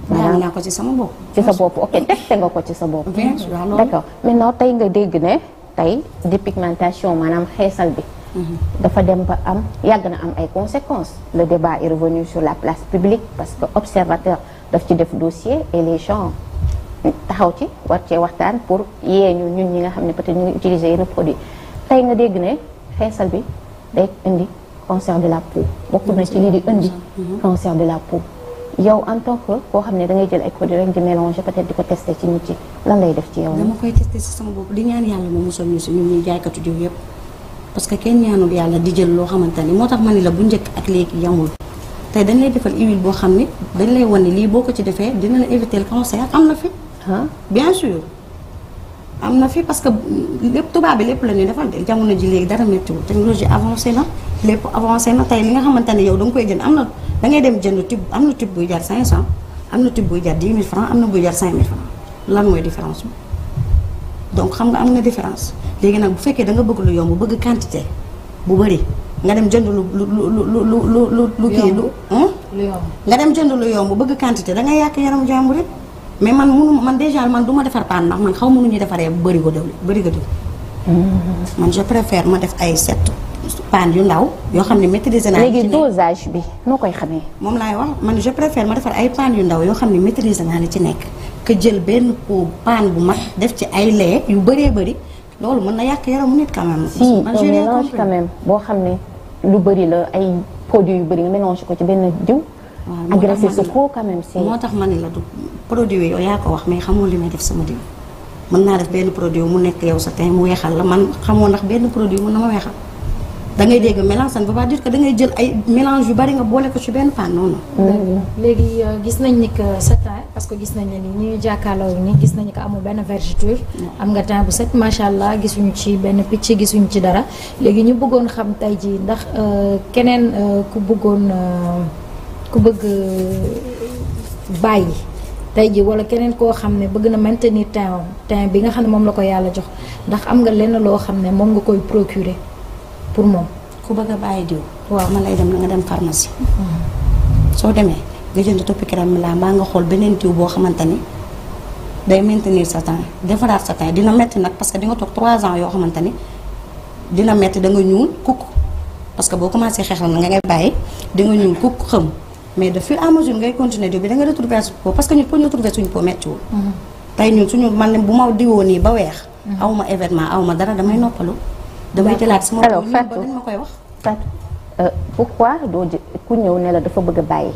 maanaam naa ko ci sama bopp. ci sa bopp ok testé nga ko ci sa bopp. bien sûr d'accord maintenant tey nga dégg ne tey dépigmentation maanaam xeesal bi. Mhm. dafa dem ba am yàgg na am ay conséquence le débat est revenu sur la place publique parce que observateur daf ci def dossier et les taxaw ci war cee waxtaan pour yee ñu ñun ñi nga xam ne peut-être ñu ngi utiliser yenn produit tey nga dégg ne xeesal bi day indi. cancer de la peau bokk na ci de la peau yow en tant que koo xam ne da ngay jël ay produits rek di mélanger peut-être di ko tester ci nit yi lan lay def ci yow. dama koy tester si sama bopp di ñaan yàlla moom mosal si ñun ñuy jaaykatu diw yëpp parce que kenn ñaanul yàlla di jël loo xamante ni moo tax ma ne la bu njëkk ak léegi yamul te dañ lay defal huile boo xam ne dañ lay wan ne lii boo ko ci defee dina la éviter le cancer am na fi. bien sûr am na fi parce que lépp tubaab bi lépp la ñuy defal jamono ji léegi dara méttiwul technologie avancée na. lépp avancé na tey li nga xamante ne yow da koy jënd am na dangay dem jënd tube am na tube buy jar 500 am na tube buy jar 10 000 francs am na buy jar 5 000 francs lan mooy différence bi donc xam nga am na différence léegi nag bu fekkee da bëgg lu yomb bëgg quantité bu bëri nga dem jënd lu lu lu lu lu lu lu kii nga dem jënd lu yomb bëgg quantité da ngay yàq yaram jàmbur rek mais man munu man déjà man du ma defar paan ndax man xaw mënuñu defaree bëri ko dëwli bëri ko dëwli mm-hmm. man ma def ay set paan yu ndaw yoo xam ne maîtriser naa. léegi dosage bi noo koy xamee. moom laay wax man je préfère ma defar ay paan yu ndaw yoo xam ne maîtriser naa li ci nekk que jël benn pot paan bu mag def ci ay lait yu bëree bëri loolu mën na yàq mu nit quand si on mélange boo xam ne lu bëri la ay produits yu bari nga mélange ko ci benn diw. agressé sa peau quand même c'est moo tax ma ne la du produit yooyu yaa ko wax mais xamoo li may def sama diw. mën naa def benn produit mu nekk yow sa teint mu weexal la man xamoo ndax benn produit mën na ma weexal. da ngay dégg mélange ça ne ba pas dire que da ngay jël ay mélange yu bari nga boole ko ci benn pan léegi euh, gis nañ ni que sa teint parce que gis nañ ne ni ñuy jàkkaarloo ni gis nañ ko amul benn vergeture. am nga teint bu set macha allah gisuñu ci benn picc gisuñu ci dara léegi ñu bëggoon xam tey ji ndax euh, keneen euh, ku bëggoon ku bëgg bàyyi. tey jii wala keneen koo xam ne bëgg na maintenir teint teint bi nga xam ne moom la ko yàlla jox ndax am nga lenn loo xam ne moom nga koy procurer. pour moom. ku bëgg a bàyyi diw. waaw man lay dem na nga dem pharmacie. soo demee nga jënd toppi crème laa mbaa nga xool beneen diw boo xamante ni day maintenir sa temps defaraat sa temps dina metti nag parce que di nga toog 3 ans yoo xamante ni dina metti danga nga ñuul kukk parce que boo commencé xeexal na nga ngay bàyyi di nga ñuul kukk xëm mais de fur à mesure ngay continuer diw bi da nga retrouver suñu peau parce que ñun pour ñu retrouver suñu peau méttiwul. Mm-hmm. tey ñun suñu man bu ma diwoo nii ba weex. Mm-hmm. awma événement awma dara damay noppalu. damay jëlaat sama alors Fatou ma koy wax Fatou euh, pourquoi doo ku ñëw ne la dafa bëgg bàyyi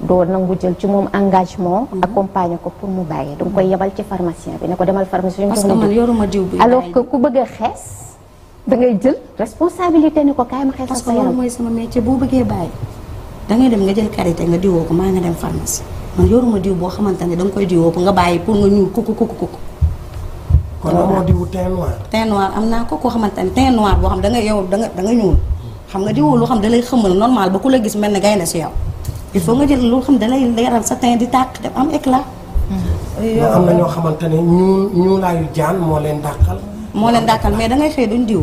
doo nangu jël ci moom engagement mhm. accompagner ko pour mu bàyyi danga koy mhm. yebal ci pharmacien bi ne ko demal pharmacien parce que man yoruma diw bi alors que ku bëgg da ngay jël responsabilité ne ko kaay ma xees parce que loolu mooy sama métier boo bëggee bàyyi da ngay dem nga jël karité nga diwoo ko maa nga dem pharmacie man yoruma diw boo xamante ne danga koy diwoo ko nga bàyyi pour nga ñuul kukk kukk kukk kon amoo diwu teint noir. teint noir am naa ko koo xamante ne teint noir boo xam da nga yow da da nga ñuul xam nga diwu loo xam da lay xëmmal normal ba ku la gis mel ne gaynde si yow il faut nga loo xam da lay leeral sa teint di tàkk def am éclat. yow am na ñoo xamante ne ñuul ñuulaayu jaan moo leen dàqal. moo leen dàqal mais da ngay xëy duñ diw.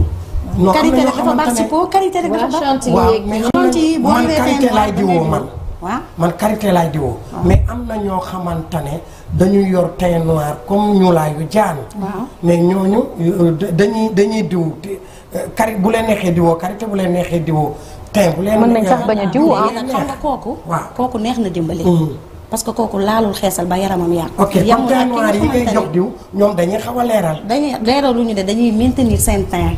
non am na ñoo xamante ne karité rek dafa baax si po karité dafa baax. waaw chantier yeeg chantier yi boo ñëwee teint noir man karité waaw man karité laay diwoo. mais am na ñoo xamante ne dañuy yor teint noir comme ñuulaayu jaan. waaw mais ñooñu dañuy dañuy diw kari bu leen neexee diwoo karité bu leen neexee diwoo teint bu leen. mën sax bañ a diw waaw ah. xam nga kooku. waaw kooku neex na dimbali. Mm. parce que kooku laalul xeesal ba yaramam yàqu. ok comme teint noir yi jox diw ñoom dañuy xaw a leeral. dañuy leeralu ñu de dañuy maintenir seen teint.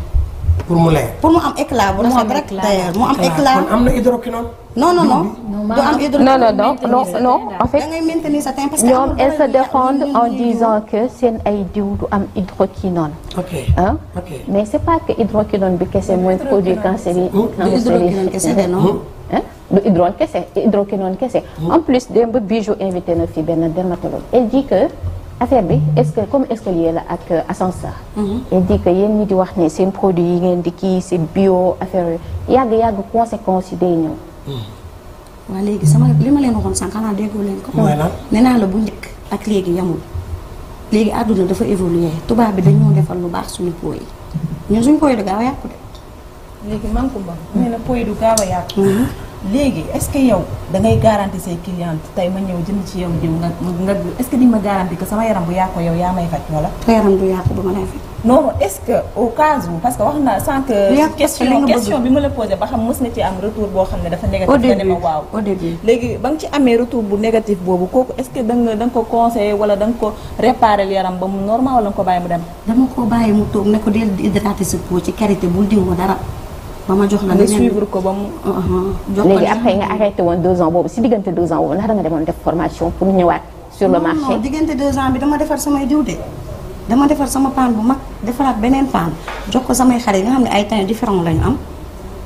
pour mu leer pour mu am éclat bu rafet rek. mu am éclat mu am na hydroquinone. non non non. non non non non non en fait ñoom elles se défendent en disant que seen ay diw du am hydroquinone. ok ok mais c' est pas que hydroquinone bi kese mooy produit cancéri cancéri oh, du hydrone kese hydroquinone kese. Oh. en plus démb bijou invité na fi benn dermatologue. elle dit que affaire bi est-ce que comme est-ce que lié la ak ascenseur. Mm-hmm. elle dit que yéen ñi di wax ne seen produit yi ngeen di kii c'est bio affaire yooyu yàgg yàgg conséquences yi day ñëw. waa léegi sama li ma leen waxoon sànq xanaa déggoo leen ko. mooy lan nee naa la bu njëkk ak léegi yamul. léegi àdduna dafa évolué tubaab bi dañoo defal lu baax suñu po yi ñun suñu po yi du gaaw a yàqu de. léegi man ko ba nee na po yi du gaaw a yàqu. léegi est-ce que yow da ngay garanti say cliente tey ma ñëw jënd ci yow diw nga nga est-ce ma garanti que sama yaram bu yàqu yow yaa may faj wala. sa yaram du yàqu du ma lay faj. non est-ce que au cas où parce que wax naa sans que question question bi ma la posé ba xam mës nga ci am retour boo xam ne dafa négatif nga ne waaw léegi ba nga ci amee retour bu négatif boobu kooku est-ce que da nga da nga ko conseillé wala da ko réparé yaram ba ko bàyyi mu dem dama ko bàyyi mu toog ne ko del hydraté sa peau ci karité bul diw ma dara ba ma jox la nga suivre ko ba mu uh-huh. jox léegi après nga arrêté woon deux ans boobu si diggante deux ans boobu ndax formation pour ñëwaat sur le marché non diggante defar dama defar sama paan bu mag defaraat beneen paan jox ko samay xare yi nga xam ne ay tane différent la ñu am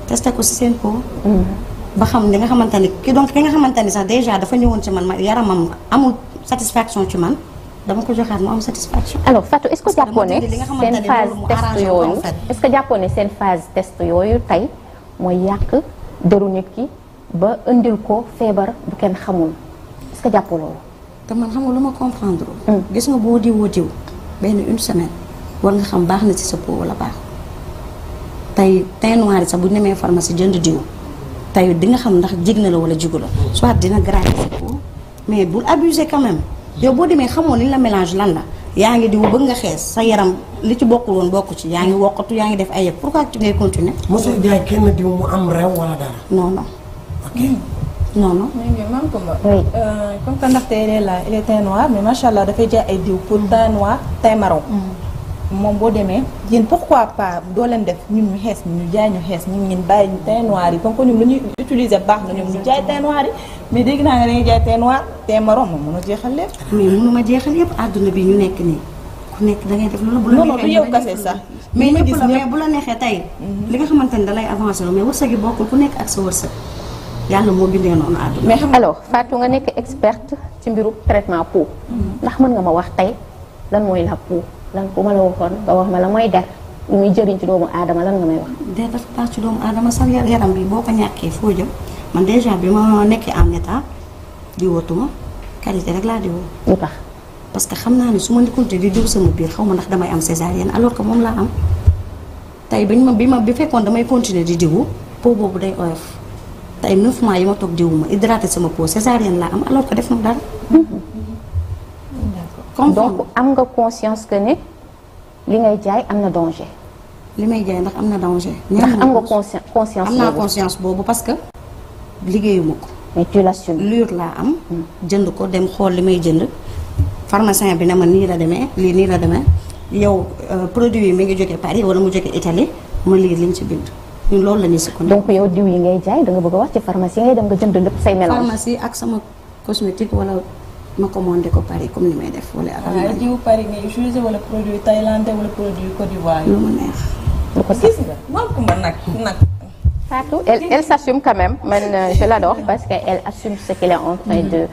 testé ko si seen peau. Mm. ba xam li nga xamante ni ki donc ki nga xamante ni sax déjà dafa ñëwoon ci man ma yaramam amul satisfaction ci man dama ko joxaat mu am satisfaction. alors Fatou est-ce que jàppoon ne seen phase test yooyu est-ce que jàppoon ne seen phase test yooyu tey mooy yàq deru nit ki ba indil ko feebar bu kenn xamul est-ce que jàppoo te man xam lu ma comprendre. Mm. gis nga boo diwoo diw. benn une semaine war nga xam baax na ci sa peau wala baax tey teint noir sax bu nemee pharmacie jënd diw tey di nga xam ndax jig na la wala jigu la soit dina gratter sa peau mais bul abuser quand même boo demee xamoo ni la mélange lan la yaa ngi diw bëgg nga xees sa yaram li ci bokkul woon bokk ci yaa ngi wokkatu yaa ngi def ay yëpp pourquoi tu ngay continuer. mosul jaay kenn diw mu am rew wala dara. non non. noonu non. mi ngi maam Koumba. oui euh, comme que ndaxte allah dafay jaay ay diw pour teint noir teint marron. Mm. moom boo demee yéen pourquoi pas doo leen def ñun ñu xees ñu jaay ñu xees ñu ñun ñun bàyyi ñu teint noir yi comme que ñun lu ñuy utiliser na ñoom ñu jaay teint noir yi mais dégg naa nga da ngay jaay teint noir teint marron moom mën a jeexal lépp. mais mënu ma jeexal yëpp àdduna bi ñu nekk nii. ku nekk da def loolu bu la neexee du yow bu la neexee tey. Mhm. li nga xamante ni da lay avancer mais wërsëg yi bokkul ku nekk ak sa wërsëg. yàlla moo bindee noonu àdduna. mais xam alors Fatou nga nekk experte ci mbiru traitement po ndax mën nga ma wax tey lan mooy la peau lan bu ma la waxoon nga wax ma la mooy der lu muy ci doomu aadama lan nga may wax. dee dafa baax ci doomu aadama sax yaram bi boo ko foo jëm man déjà bi ma nekkee am état di wootuma qualité rek laa di woo. lu tax parce que xam naa ni su ma nekkoon di diw sama biir xaw ma ndax damay am césarienne alors que moom laa am tey bañ ma bi ma bi fekkoon damay continuer di diwu peau boobu day oyof. tey 9 mois yi ma toog diwuma hydraté sama peau césarienne laa am alors que def na dara. d'accord donc am nga conscience que ne li ngay jaay am na danger. li may jaay ndax am na danger. ndax am nga conscience conscience boobu parce que liggéeyuma ko. mais tu l'assumes laa am. Hmm. jënd ko dem xool li may jënd. pharmacien bi na ma nii la demee lii nii a demee yow euh, produit yi mu ngi joge Paris wala mu jógee Italie ma lire liñ ci bind. ñun loolu la ñuy sukkandiku. donc yow diw yi ngay jaay da nga bëgg a wax ci pharmacie ngay dem nga jënd lépp say mélange. pharmacie ak sama cosmétique wala ma commandé ko Paris comme ni may def wala. alhamdulilah waaw diw Paris ngay utilisé wala produit thaïlandais wala produit Côte d'Ivoire. lu mu neex. lu ko gis nga man ku ma nag nag. Fatou elle elle s'assume quand même man euh, je l'adore parce que elle assume ce qu'elle est en train mm-hmm. de.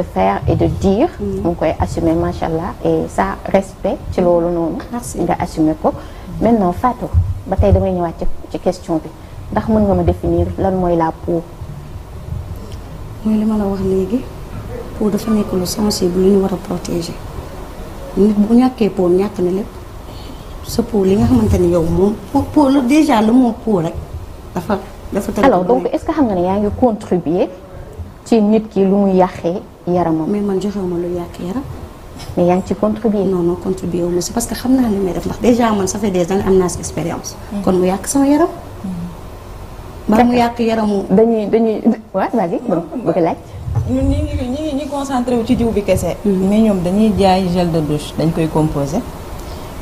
de faire et de dire. mu ngi koy assumer macha allah et ça respect ci loolu noonu. nga assumer ko. maintenant Fatou ba tey damay ñëwaat ci ci question bi ndax mën nga ma définir lan mooy la peau. mooy li ma la wax léegi peau dafa nekk lu sensible lu ñu war a protéger nit bu ñàkkee po ñàkk na lépp sa peau li nga xamante ni yow moom peau lu déjà le mot peau rek dafa dafa. tënk alors donc est-ce que xam nga ne yaa ngi contribuer ci nit kii lu mu yàqee yaramam. mais man ma lu yàq yaram. mais yaa ngi ci contribuer. non non contribuer wu si parce que xam naa li may def ndax déjà man ça fait des années am naa si expérience. Mm. kon mu yàq sama yaram. Mm. mbaa mu yàq yaramu. dañuy dañuy waaw vas-y bëgg laaj. ñun ñi concentré wu ci jiw bi kese. Mm. mais ñoom dañuy jaay gel de douche dañ koy composé.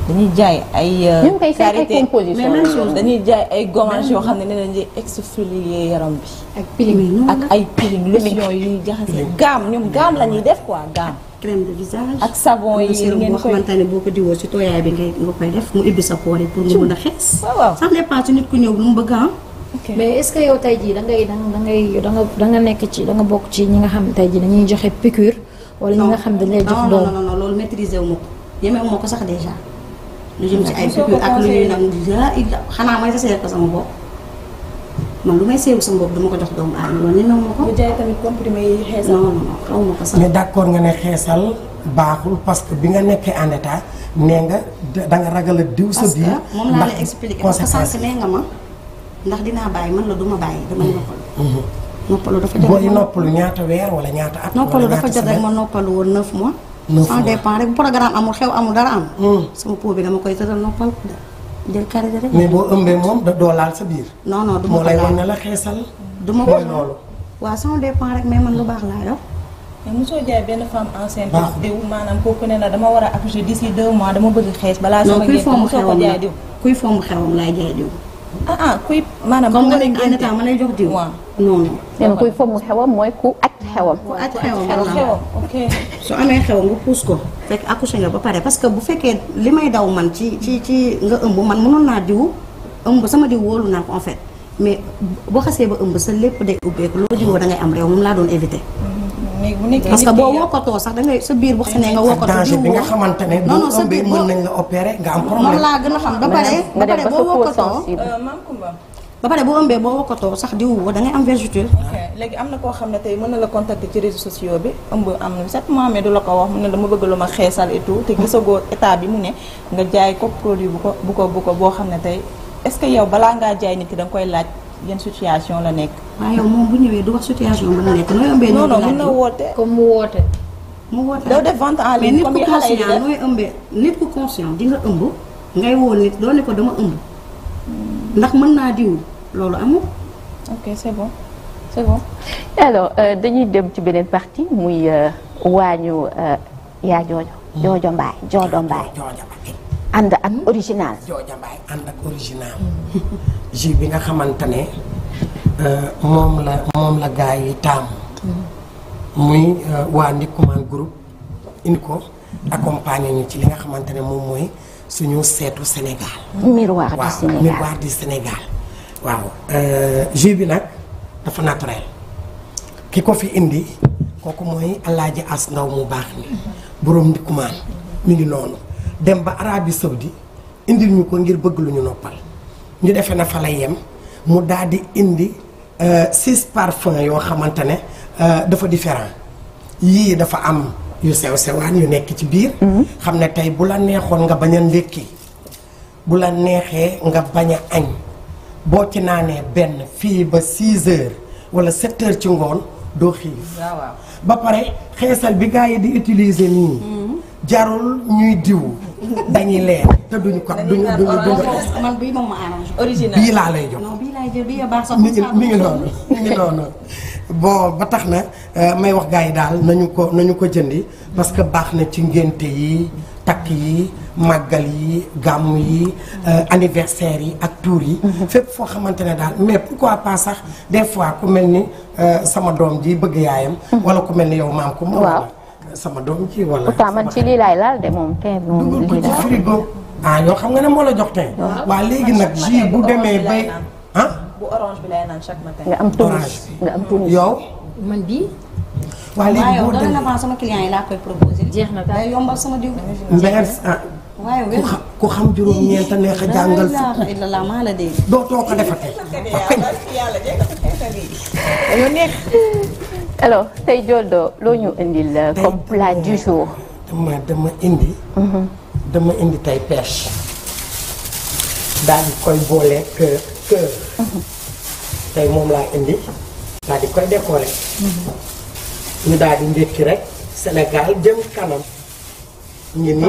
dañuy jaay ay. Euh, ñoom kay seen ay composition dañuy jaay ay gommage yoo xam ne nee nañu exfolier yaram bi. ak peeling ak ay peeling lotion yu ñuy jaxase gaam ñoom gaam la ñuy def quoi gaam. crème de visage. ak savon yi ngeen ne boo ko diwoo si tooyaay bi nga koy def mu ibbi sa koor yi pour mu mën a xees. Ah, waaw ça dépend si nit ku ñëw lu mu bëgg ah. mais est que yow tey jii da ngay da da nga da nekk ci da nga bokk ci ñi nga xam tey jii dañuy joxe piqûre. wala ñi nga xam dañ lay jox doom non loolu maîtriser wu ma ko yemewu ma ko sax déjà. Ah, lu jëm ci ay piqûre ak lu ñuy nag ah, xanaa mooy sasee ko sama bopp. man lu may seewu sama bopp dama ko jox doomu aadama loolu nee na ma ko. bu jaay tamit nga ne xeesal baaxul parce que bi nga nekkee en état nee nga da nga ragal a diw sa biir. moom laa lay expliqué parce que sànq nee nga ma ndax dinaa bàyyi man la du ma bàyyi damay mhm. noppalu. Mhm. noppalu dafa noppalu ñaata weer wala ñaata at. noppalu dafa jot rek ma noppalu woon 9 mois. 9 mois ça rek bu programme amul xew amul dara am. Mhm. sama po bi dama koy tëral noppal ko jël qualité rek. mais boo ëmbee moom da doo sa biir. non non ko laal moo lay wan ne la xeesal. du ma ko laal waa waaw sama dépend rek mais man lu baax laa yor. mais mosoo jaay benn femme enceinte. diw maanaam kooku ne la dama war a accoucher d'ici deux mois dama bëgg xees. balaa sama ngeen ko mosoo ko jaay diw non kuy fomm xewam laay jaay diw. ah ah kuy maanaam. comme nga ne ma lay jox diw. waaw non non. nee kuy fomm xewam mooy ku aj xewam. ku aj xewam xewam ok. su amee xew nga puus ko. fekk accouché nga ba pare parce que bu fekkee li may daw man ci ci ci nga ëmb man mënoon naa diw ëmb sama diw woolu naa ko en fait mais boo xasee ba ëmb sa lépp day ubbeeku loo diwoo da ngay am réew moom laa doon éviter. Mm-hmm. léegi bu nekkee parce que boo wokkatoo sax da ngay sa biir bu xasee nga wokkatoo. danger bi nga xamante ne. nañ la opérer nga am laa gën a xam ba pare ba pare boo wokkatoo. Euh, maam Kumba. ba pare boo ëmbee boo wokkatoo sax di woo da am vergeture. ok léegi am na koo xam ne tey mën na la contacter ci réseaux sociaux bi ëmb am na sept mois mais du la ko wax mu ne la ma bëgg lu ma xeesal et tout te gisagoo état bi mu ne nga jaay ko produit bu ko bu ko bu ko boo xam ne tey est-ce que yow balaa ngaa jaay nit ki danga koy laaj yan situation la nekk. waaye yow moom bu ñëwee du wax situation bu nekk nooy ëmbee. non non mën mu woote. en ligne comme yàlla yi mais nit ku conscient nooy ëmbee nit ku conscient di nga ëmb ngay woo nit doo ne ko dama ëmb hmm. ndax mën naa diwul loolu amul. ok c'est bon c'est euh, dañuy dem ci beneen parti muy euh, waañu euh, yaa joojo. Hmm. joojo mbaay joojo mbaay. ànd ak original. jooja mbaay ànd ak original. bi nga xamante ne euh, moom la moom la gars yi taamu. muy euh, waa Ndicouman groupe indi ko accompagner ñu ci li nga xamante ne moom mooy suñu seetu Sénégal. miroir di Sénégal waaw miroir euh, du bi nag dafa naturel ki ko fi indi kooku mooy Alaaji As Ndaw mu baax ni borom Ndicouman mi ngi noonu. dem ba Arabie Saoudi indil ñu ko ngir bëgg lu ñu noppal ñu defee na fa yem mu dal di indi euh, six parfums yoo xamante ne euh, dafa différent yii dafa am yu sew sewaan yu nekk ci biir mhm. xam ne tey bu la neexoon nga bañ a bu la neexee nga bañ a añ boo ci naanee benn fii ba six heures wala sept ci ngoon doo xiif ba pare xeesal bi gars yi di utilise nii mhm. jarul ñuy diw dañuy leer te duñu ko duñu duñu duñu man bii moom ma lay jox non bii laay jël mi ngi mi ngi noonu mi ngi ba tax na euh, may wax gars yi daal nañu ko nañu ko jëndi parce que baax na ci ngénte yi takk yi màggal yi gàmm yi euh, anniversaire yi ak tuur yi mhm. fépp foo xamante ne daal mais ku ko pas sax des fois ku mel ni euh, sama doom ji bëgg yaayam mhm. wala ku mel ni yow maam ko moom sama doom ci wala. pourtant man ci lii laay laal de moom tey moom lii laay ci frigo ah yoo xam nga ne moo la jox tey. waa léegi nag jus bu demee bay. ah bu orange bi lay naan chaque matin. nga am tonus nga am tonus yow. man bii. waa léegi boo demee waaw yow sama client yi laa koy proposé. jeex na daal yombal sama diw. Ah. waaye wér ku xam juróom-ñeent a neex a jàngal. alhamdulilah maa la dégg. doo too ko defatee. alors tey Dioldo loo ñu indil euh, comme plat du jour. dama indi. Mhm. dama indi tey pêche. daal di koy boole kër mhm. tey moom laa indi. daal di koy décorer. Mhm. ñu daal di ndékki rek Sénégal jëm kanam. ñu ni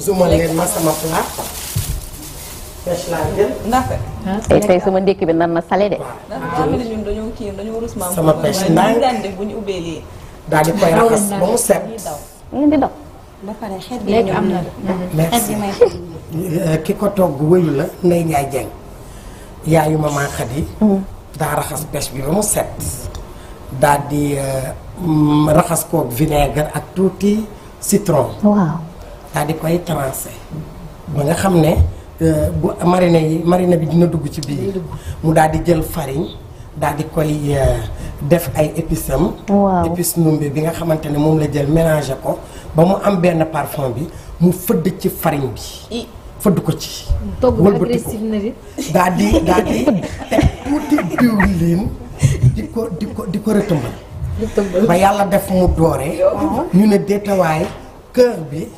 su leen ma sama plat. pêche laa jël. Ah, tey tey ma ndékki bi nan na sale de. sama pêche ndànk daal di koy raxas ba mu set. ngeen di daw. ba pare xet gi léegi am na la. Eh, ki ko togg wëyu la Ndeye Ndiaye Dieng. yaayu maman Khady. Mm-hmm. daa raxas pêche bi ba mu set. daal di eh, raxas koog vinaigre ak tuuti citron. daal di koy trancé ba nga xam ne. Euh, bu marine yi marine bi dina dugg ci biir mu daal di jël fariñ daal di koy euh, def ay épices am épice bi nga xamante ne moom la jël mélangé ko ba mu am benn parfum bi mu fëdd ci farine bi fëdd ko ci wëlbati ko daal di daal di tuuti diwlin di ko di ko di ko rëtëmbal ba yàlla def mu doore ñu ne déetawaay kër bi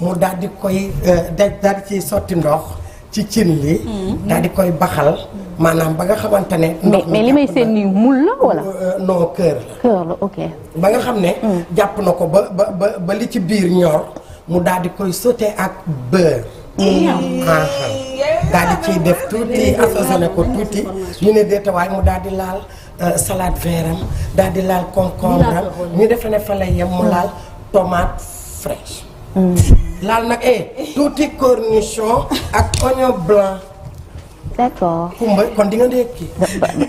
mu daal di koy euh, daal di ciy sotti ndox ci cin li hmm. daal di koy baxal maanaam ba nga xamante ne ndox mais li may seen nii mul euh, la kër la ok ba nga xam ne hmm. jàpp na ko ba ba ba li ci biir ñor mu daal di koy sauté ak beurre aaxal ah, ah. di ciy def tuuti assaisonné ko tuuti ñu ne deetawaay mu daal di laal euh, salade vert am daal di laal concombre am ñu defe ne fa lay mu laal tomate fraîche hmm. laal nag eh tuuti cornichon ak oignon blanc. d'accord kumba kon di nga ndékki.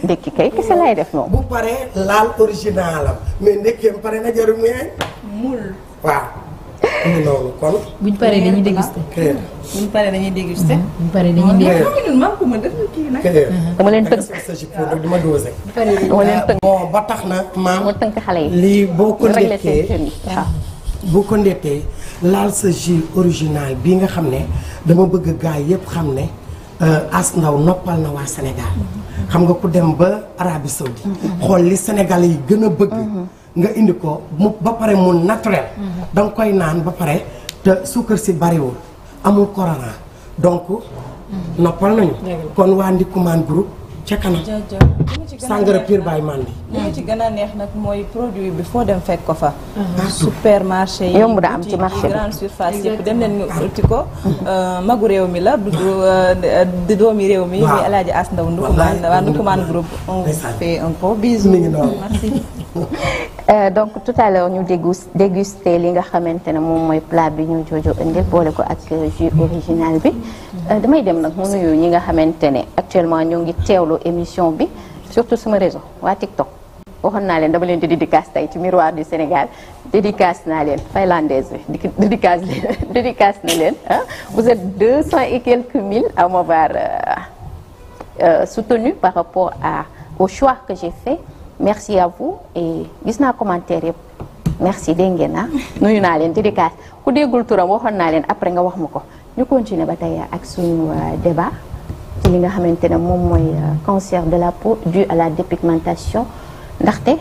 ndékki kay kese lay def moom. bu paree laal original am mais ndékkeem pare na jarul ngeen. mul waaw. mu noonu kon. buñ paree dañuy dégusté. buñ paree dañuy dégusté. buñ paree dañuy dégusté. Uh-huh. dama leen tënk. dama leen tënk. bon ba tax na maam. moo tënk xale yi lii boo ko ndekkee bu ko ndettee laal sa jus original bi nga xam ne dama bëgg gaay yépp xam ne euh, As Ndaw noppal na waa Sénégal xam nga ku dem ba Arabie Saoudi xool li Sénégal yi gën a bëgg nga indi ko mu ba pare mu naturel danga koy naan ba pare te suukar si bariwul amul corona donc noppal nañu kon waa Ndickoumane Group ca kanam sàngara pur bay mandi li ci gën a neex nag mooy produit bi foo dem fekk ko fa supermarché yi yomb na am ci marché bi grande surface dem leen ñu uti ko euh, magu réew mi la du euh, doomi réew mi muy alaaji as ndaw ndukumaan waa ndukumaan groupe on fait un gros bisou merci Euh, donc tout à ñu dégus dégusté li nga xamante ne moom mooy plat bi ñu joojo indil boole ko ak jus original bi euh, damay dem nag mu nuyu ñi nga xamante ne actuellement ñoo ngi teewlu émission bi surtout sama réseau waa TikTok waxoon naa leen dama leen di dédicace tey ci miroir du Sénégal dédicace naa leen finlandaise bi dédicace leen dédicace na leen vous êtes deux cent et quelques mille à m'avoir euh, soutenu par rapport à au choix que j'ai fait merci à vous et gis naa commentaire yëpp merci dégg ngeen ah nuyu naa leen dédicace ku déggul turam waxoon naa leen après nga wax ma ko ñu continuer ba tey ak suñu euh, débat ci li nga xamante ne moom mooy euh, cancer de la peau dû à la dépigmentation ndaxte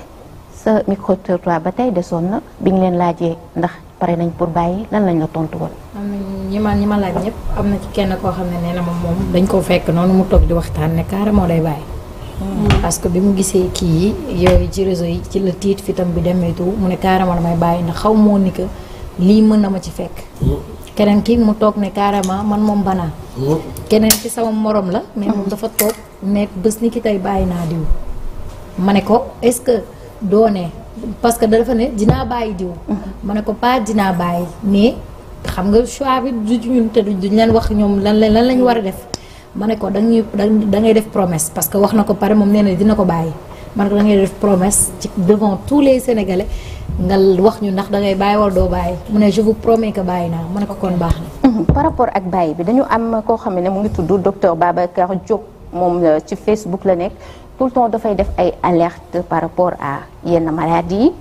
sa micro-trottoir ba tey desoon na bi ñu leen laajee ndax pare nañ pour bàyyi lan lañ la tontu woon. am na ñi ma ñi ma laaj ñëpp am na ci kenn koo xam ne nee na moom moom dañ koo fekk noonu mu toog di waxtaan ne carrément day bàyyi. Mm. parce que bi mu gisee kii yi yooyu ci réseau yi ci la tiit fitam bi demee tout mu ne carrément damay bàyyi ndax xaw moo ni que lii mën na ma ci fekk. Mm. keneen ki mu toog ne carrément man moom banaa mm. keneen ci sama moroom la. mais moom dafa toog ne bés ni ki tey bàyyi naa diw. ma ne ko est-ce que doo parce que dafa ne dinaa bàyyi diw. ma ne ko pas dinaa bàyyi mais xam nga choix bi du ñun te duñ leen wax ñoom lan lañ lan lañ war a def. ma ne ko da ngay da ngay def promesse parce que wax na ko pare moom nee dina ko bàyyi man ne ko da def promesse ci devant tous les sénégalais nga wax ñu ndax dangay ngay bàyyi wala doo bàyyi mu ne je vous promets bàyyi naa ma ne ko kon baax na. Mhm. par rapport ak bàyyi bi dañu am koo xam ne mu ngi tudd docteur Babacar Diop moom euh, ci Facebook la nekk. tout le temps dafay def ay alertes par rapport à yenn maladies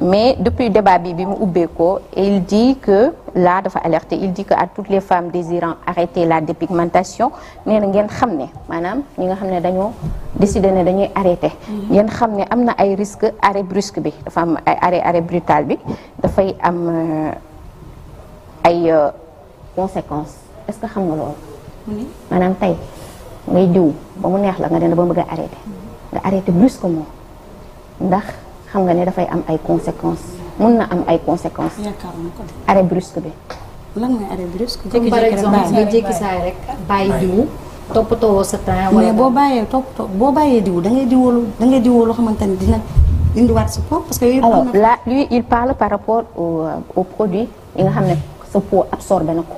mais depuis débat bi bi mu ubbeekoo il dit que là dafa alerté il di que à toutes les femmes désirant arrêter la dépigmentation nee na ngeen xam ne maanaam ñi nga xam ne dañoo décider ne dañuy arrêter. Mm-hmm. ngeen xam ne am na ay risques arrêt brusque bi dafa am ay arrêt arrêt brutal bi dafay am euh, ay euh, conséquences est-ce que xam nga loolu. maanaam tey. ngay diw ba mu neex la nga dem ba bëgg a arrêté nga arrêté moom ndax xam nga ne dafay am ay conséquences mun na am ay conséquences. arrêt brusque bi. mu mooy arrêt brusque. comme par exemple nga jékki saa rek bàyyi diw. toppatoo sa temps wala mais boo bàyyee toppatoo boo bàyyee diw da ngay diwoo da ngay diwoo loo xamante ni dina indiwaat sa peau parce que yooyu alors là parle par rapport au euh, au produit yi nga xam ne sa peau absorbé na ko.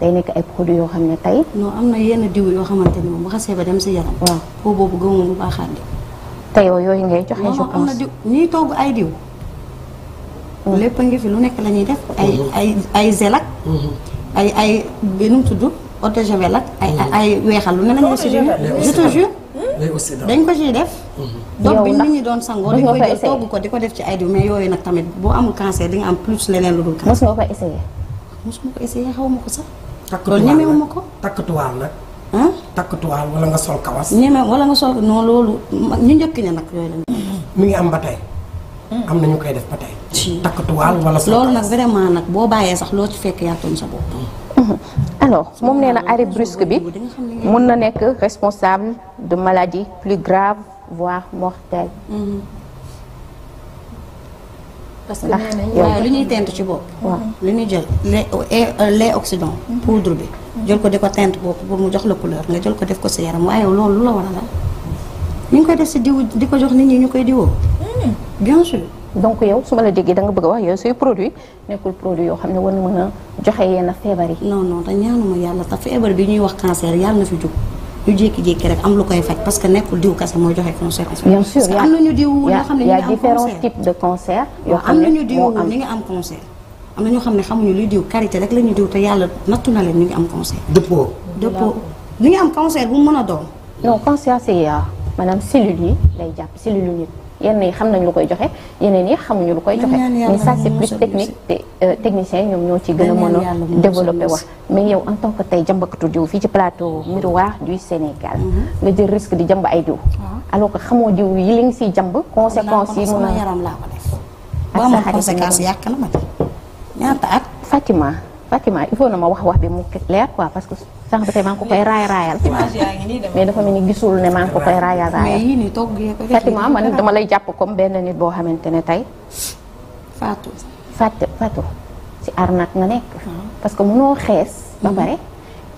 day nekk ay produits yoo xam ne tey. am na yenn diw yoo xamante ni moom bu xasee ba dem si yaram. waaw boobu gëmuma bu baaxaat di. te yow yooyu ngay joxe. je pense am na diw ñiy togg ay diw. Mm. lépp a ngi fi lu nekk la def. ay mm-hmm. ay ay zel mm-hmm. ak. ay ay benn tudd eau de javel ak. ay ay weexal lu ne la ñuy si dañ ko ciy def. Mm-hmm. yow bi nit ñi doon sangoo. dañ koy jël togg ko di ko def ci ay diw mais yooyu nag tamit boo amul cancer di am plus leneen lu dul cancer. mos mosuma ko essayé xaw ma ko sax. loolu ñemewu ma ko takk tuwaal nag. takk tuwaal wala nga sol kawas. ñeme wala nga sol non loolu ñu njëkk ña nag yooyu la. ngi am ba tey. Hmm. am na ñu koy def ba tey. takk tuwaal wala sol loolu nag vraiment nag boo bàyyee sax loo ci fekk yaa tooñ sa bopp. Hmm. Mhm. alors moom nee na arrêt brusque bi mun na nekk responsable de maladie plus grave voire mortelle. Hmm. parce que waaye lu ñuy tent ci bopp. waaw lu ñuy jël le lait oxydant. Mm-hmm. poudre bi. jël ko di ko tent bopp pour mu jox la couleur nga jël ko def ko sa yaram waaye loolu lu la war a la ñu ngi koy def si diw di ko jox nit ñi ñu koy diwoo. Mm-hmm. bien sûr. donc yow su ma la déggee da nga bëgg a wax yow suy produit nekkul produit yoo xam ne war na mën a joxe yenn feebar yi. non non te ñaanuma yàlla te feebar bi ñuy wax cancer yàlla na fi jóg. ñu jékki-jékki rek am lu koy faj parce que nekkul diw kese mooy joxe concert. bien sûr parce que am nañu diw yoo ñu a am nañu diw ñu ngi am concert. am na ñoo xam ne xamuñu luy diw karité rek la ñu diw te yàlla nattu na leen ñu ngi am concert. dëppoo dëppoo ñu ngi am concert bu mu mën a doon. non concert c'est maanaam cellule lay jàpp cellule nit. yenn yi xam nañ lu koy joxe yeneen yi xamuñu lu koy joxe mais ça c'est plus technique te euh, techniciens yi ñoom ñoo ci gën a mën a wax mais yow en tant que tey jàmbakatu diw fii ci plateau miroir du Sénégal mhm. nga jël risque di jamb ay diw alors que xamoo diw yi li nga siy jàmb conséquences yi mun a yaram laa ko def ba amoon conséquence yàq na ma ñaata at Fatima Fatima il faut na ma wax wax bi mu leer quoi parce que sànq ba tey maa ngi ko koy raay raayal. mais dafa mel ni gisul ne maa ngi ko koy raayal raayal. mais yii nii togg yee ko Fatima man dama lay jàpp comme benn nit boo xamante ne tey. Fatou. Fatou Fatou ci arnaque nga nekk. Ah. parce que mënoo xees. ba mm-hmm. pare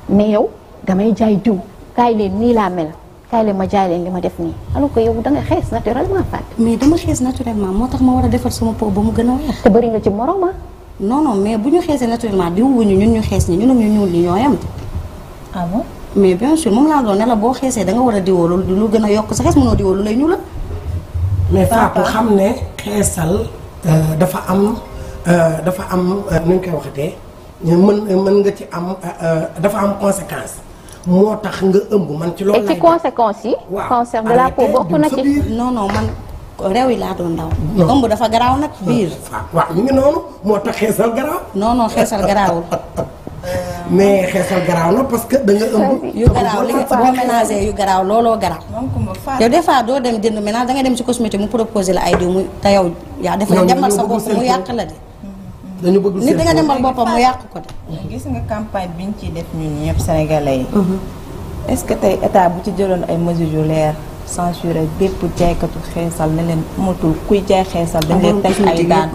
ne yow damay jaay diw. kaay leen nii laa mel. kaay leen ma jaay leen li ma def nii. alors que yow da nga xees naturellement Fatou. mais dama xees naturellement moo tax ma war a defal suma po ba mu gën a weex. te bëri nga ci moroma. non non mais bu ñu xeesee naturellement diw bu ñu ñun ñu xees ñi ñun ñu ñuul ñi ñoo ah bon mais bien sûr moom laa doon ne la boo xeesee da nga war a diwoo lu lu gën a yokk sa xees mënoo diwoo lu lay ñuulal. mais Fatou xam ne xeesal euh, dafa am euh, dafa am euh, nu koy waxatee mën mën nga ci am dafa am conséquence. moo tax nga ëmb man ci loolu. lay ci conséquences yi. cancer de la peau bokk na ci. non man réew yi laa doon daw. ëmb dafa garaaw nag biir. waaw waaw ñu ngi noonu moo tax xeesal garaaw. non xeesal garaawul. mais xeesal garaaw na parce que da nga ëmb. yu garaaw li nga boo ménager yu garaaw looloo garaaw. yow des doo dem jënd ménage da nga dem ci cosmétique mu proposé la ay diw mu te yow. yaa def na demal sa bopp mu yàq la de. bëgg nit da nga demal boppam mu yàq ko de. gis nga campagne bi ñu ciy def ñun ñëpp sénégalais yi. Mhm. est-ce que tey état bu ci jëloon ay mesures yu leer. censuré bépp jaaykatu xeesal ne leen amatul kuy jaay xeesal dañ leen teg ay daan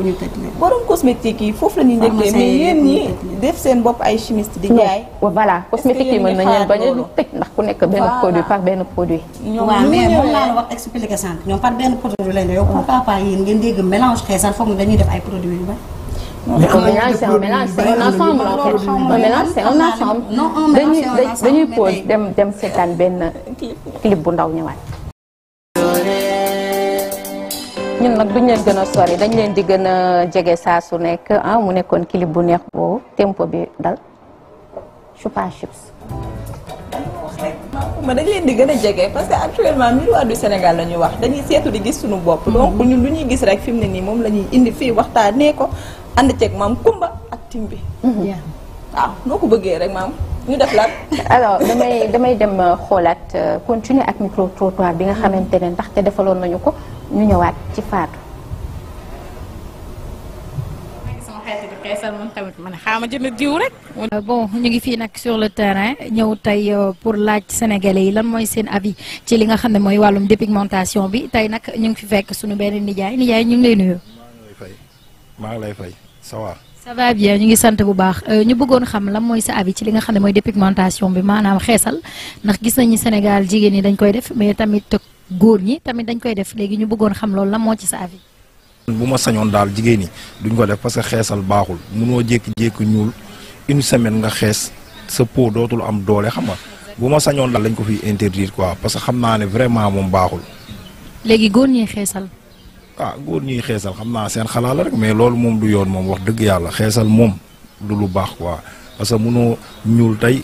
borom cosmétique yi foofu la ñuy njëkkee mais yéen ñi def seen bopp ay chimiste di jaay voilà cosmétique yi mën na ñeen bañ a tëj ndax ku nekk benn produit benn produit waaw mais moom laa la wax expliqué sànq ñoom par benn produit lañ yow pourquoi pas yéen ngeen dégg mélange xeesal foog dañuy def ay produit yu bari mais un mélange c'est un mélange c'est un ensemble en fait dañuy dañuy dem dem seetaan benn clip bu ndaw ñëwaat ñun nag bu duñ leen gën a sori dañ leen di gën a jege saa su nekk ah mu nekkoon clip bu neex boobu tempo bi dal Chupa Chips. ma dañ leen di gën a jege parce que actuellement miroir du Sénégal la ñuy wax dañuy seetu di gis suñu bopp. Mhm. donc ñu lu ñuy gis rek fi mu ne nii moom la ñuy indi fii waxtaanee ko ànd ceeg maam Kumba ak Timbi. Mhm. waaw noo ko bëggee rek maam. ñu def lan. alors damay damay dem euh, xoolaat euh, continuer ak micro trottoir bi nga xamante ne ndaxte defaloon nañu ko ñu ñëwaat ci Fatou. Euh, bon ñu ngi fii nag sur le terrain ñëw tey pour laaj sénégalais yi lan mooy seen avis ci li nga xam ne mooy wàllum dépigmentation bi tey nag ñu ngi fi fekk suñu benn nijaay nijaay ñu ngi lay nuyu. ça va bien ñu ngi sant bu baax euh, ñu bëggoon xam lan mooy sa avis ci li nga xam ne mooy dépigmentation bi maanaam xeesal ndax gis nañu Sénégal jigéen ñi dañ koy def mais tamit góor ñi tamit dañ koy def léegi ñu bëggoon xam loolu lan moo ci sa avis. bu ma sañoon daal jigéen ñi duñ ko parce que xeesal baaxul munoo jékki-jékki ñuul une semaine nga xees sa peau dootul am doole xam nga bu ma sañoon daal lañ ko fiy interdire quoi parce que xam naa ne vraiment moom baaxul. léegi góor ñi xeesal. ah góor ñuy xeesal xam naa seen xalaat la rek mais loolu moom du yoon moom wax dëgg yàlla xeesal moom du lu baax quoi parce que munoo ñuul tey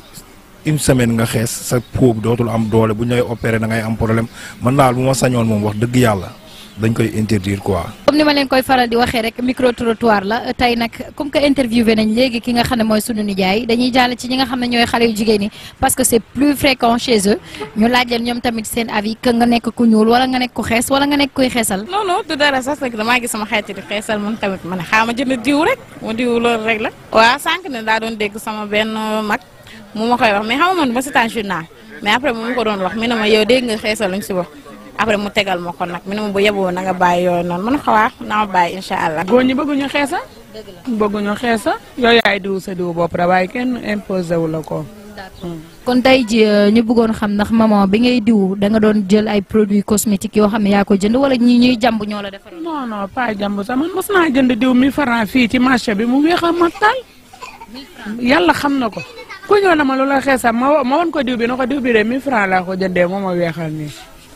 une semaine nga xees sa peau bi dootul am doole bu ñu lay opéré da ngay am problème man naa bu ma sañoon moom wax dëgg yàlla dañ koy interdire quoi. comme ni ma leen koy faral di waxee rek micro trottoir la tey nag comme que interviewé nañ léegi ki nga xam ne mooy sunu nijaay dañuy jàll ci ñi nga xam ne ñooy xale yu jigéen ñi parce que c'est plus fréquent chez eux ñu laaj ñoom tamit seen avis que nga nekk ku ñuul wala nga nekk ku xees wala nga nekk koy xeesal. non non du dara sax nag damaa gis sama xeet di xeesal man tamit ma ne xaaral ma jënd diw rek ma diw loolu rek la. waaw sànq ne daa doon dégg sama benn mag mu ma koy wax mais xam nga man ba si temps journal mais après mu ma yow dégg nga xeesal luñ si wax après mu tegal ma ko nag mi ne ma bu yeboo na nga bàyyi yooyu noonu mën ko wax na ma bàyyi incha allah. góor ñi bëgguñu xeesa. bëgguñu xeesa yooyu yaay diw sa diw bopp rek waaye kenn imposé wu la ko. Hmm. kon tey ji euh, ñu bëggoon xam ndax maman bi ngay diw da nga doon jël ay produits cosmétiques yoo xam ne yaa ko jënd wala ñii ñuy jàmb ñoo la defar non non pas jàmb sax man mos naa jënd diw mi franc fii ci marché bi mu weex a ma taal yàlla xam na ko ku ñëw na ma lu la xee ma ma woon ko diw na ko diw bi de laa ko jëndee moom a weexal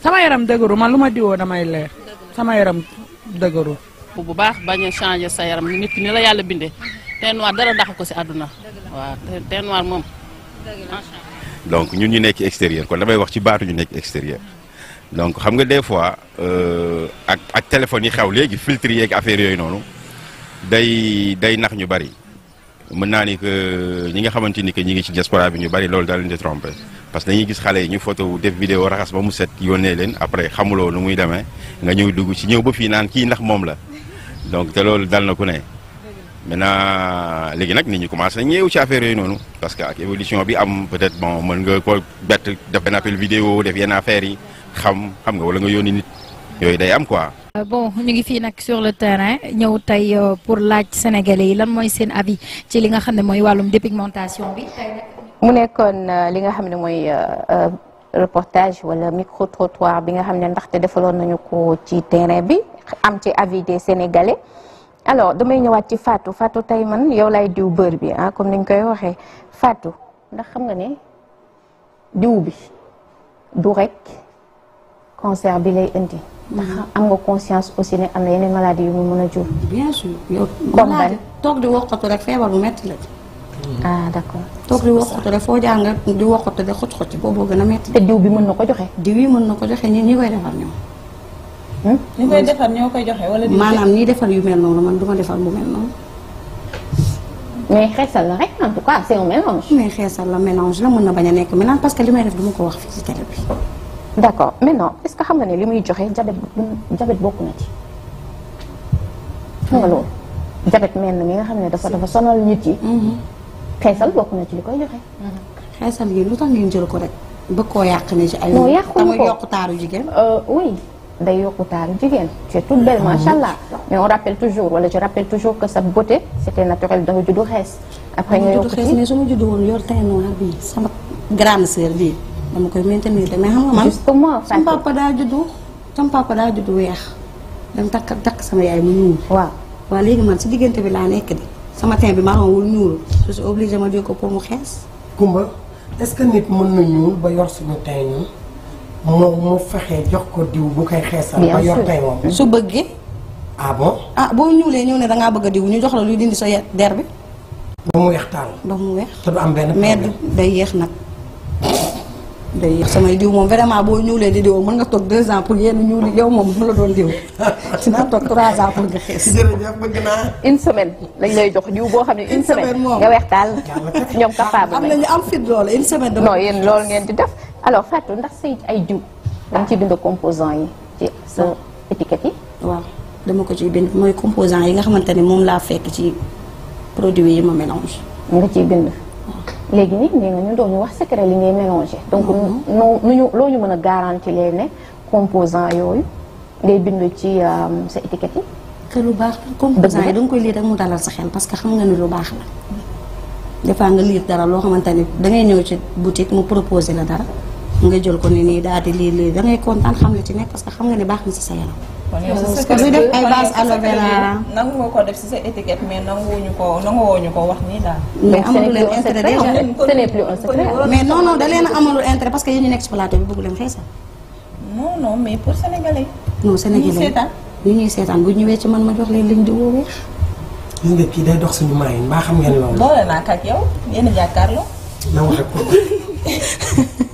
sama yaram dëgëru man lu ma diwoo damay leer sama yaram dëgëru bu baax bañ a sa yaram nit ki ni la yàlla bindee teint noir dara daxu ko si àdduna waaw teint noir moom donc ñun ñu nekk extérieur kon damay wax ci baatu ñu nekk extérieur donc xam nga des fois euh, ak ak téléphone yi xew léegi filtre yeeg affaire yooyu noonu day day nax ñu bari mën naa ni que ñi nga xamante ni que ñi ngi ci diaspora bi ñu bari loolu daal leen di parce que dañuy gis xale yi ñu photo def vidéo raxas ba mu set yónnee leen après xamuloo nu muy demee nga ñëw dugg ci ñëw ba fii naan kii ndax moom la donc te loolu dal na ku ne maintenant léegi nag nit ñi commencé nañ ci affaire yooyu noonu parce que ak bi am peut-être bon mën nga ko bett def benn appel vidéo def yenn affaires yi xam xam nga wala nga yónni nit yooyu day am quoi. Euh, bon ñu ngi nag sur le terrain ñëw tey euh, pour laaj sénégalais yi lan mooy seen avis ci li nga xam ne mooy wàllum dépigmentation bi tey mu nekkoon euh, li nga xam ne mooy euh, euh, reportage wala micro trottoir bi nga xam ne ndaxte defaloon nañu ko ci terrain bi am ci avis des sénégalais alors damay ñëwaat ci Fatou Fatou tey man yow lay diw bër bi ah comme niñ koy waxee Fatou ndax xam nga ne diw bi du rek cancer bi lay indi. ndax am nga conscience aussi ne am na yeneen maladie yu mu mën a jur. bien sûr yow. comme ban toog di waxatu rek feebar bu metti la. Mm-hmm. ah d'accord toog di wokkatu rek foo jaar nga di wokkatu rek xoj xoj booboo gën a metti. te diw bi mën na ko joxe. diw yi mën na ko joxe ñi ñi koy defar ñoom. Hmm? ñi koy defar ñoo koy joxe wala. maanaam ñi defar yu mel noonu man du ma defar bu mel noonu. mais xeesal la rek en tout cas c'est un mais xeesal la mélange la mën na bañ a nekk mélange parce que li may def du ma ko wax fii ci télé bi. d'accord maintenant est-ce que xam nga ne li muy joxe jabet jabet bokk na ci. xam nga loolu jabet mel na mi nga xam ne dafa dafa sonal nit yi. Mm-hmm. xeesal bokk na ci li koy joxe. xeesal gi lu tax ngeen jël ko rek bëgg koo yàq ne ci ay. non yàquñu ko yokk taaru jigéen. Euh, oui yokk taaru jigéen. tu es toute belle ah, wala je rappelle sa beauté c'était naturel dafa juddu xees. après nga yokk ci mais su ma juddu woon yor teint noir bi sama grande sœur bi dama koy maintenir mais xam nga man. justement sama papa daa juddu sama papa daa juddu weex. dama takk takk sama yaay mu ñuul. waaw waaw léegi man si diggante bi laa nekk de. sama teint bi marron wul ñuul je suis obligée ma jóg ko pour mu xees. Kumba est-ce que nit mën na ñuul ba yor suñu teint ñuul mu fexee jox ko diw bu koy xeesal. ba yor teint moom su bëggee. ah bon. ah boo ñuulee ñëw ne da ngaa bëgg diw ñu jox la luy dindi sa der bi. ba mu weex taal. ba mu weex te du am benn mais day yéex nag. day samay diw moom vraiment boo ñuulee di diwoo mën nga toog deux ans pour yenn ñuul yow moom mu la doon diw dinaa toog trois ans pour nga xees. une semaine lañ lay jox diw boo xam ne une semaine nga weex daal ñoom capable am nañu am fit loolu une semaine. non yéen loolu ngeen ndax say ay diw danga ciy bind composant yi ci sa ah. étiquette yi. waaw dama ko ci bind mooy composant yi nga xamante ne moom laa fekk ci produit yi ma mélange. nga ci bind. léegi nii nee nga ñu doon ñu wax secret li ngay mélangé. donc mm-hmm. nu ñu loo ñu mën a garanti leen ne composant yooyu ngay bind ci euh, sa étiquette yi. que lu baax composant yi da nga koy lire rek mu dalal sa xel parce que xam nga ni lu baax la. nga lire dara loo xamante ni dangay ñëw ci boutique mu proposé la dara nga jël ko ni nii daal di lii lire dangay kontaan xam la ci nekk parce que xam nga ni baax na ci sa yaram. kon ñu def ay base aloe vera nangu nga ko def ci sa étiquette mais nanguwuñu ko nanguwuñu ko wax nii daal. mais amalu leen intérêt déjà ce n'est plus a amalu intérêt parce que yéen ñu nekk ci plateau bi bëggu leen xeesal. non non mais pour sénégalais. non sénégalais ñu ñuy seetaan bu ñëwee ci man ma jox leen liñ di woowee. gis nga kii day dox suñu maay mbaa xam ngeen loolu. boole naa ak yow yéen a jàkkaarloo. na wax ak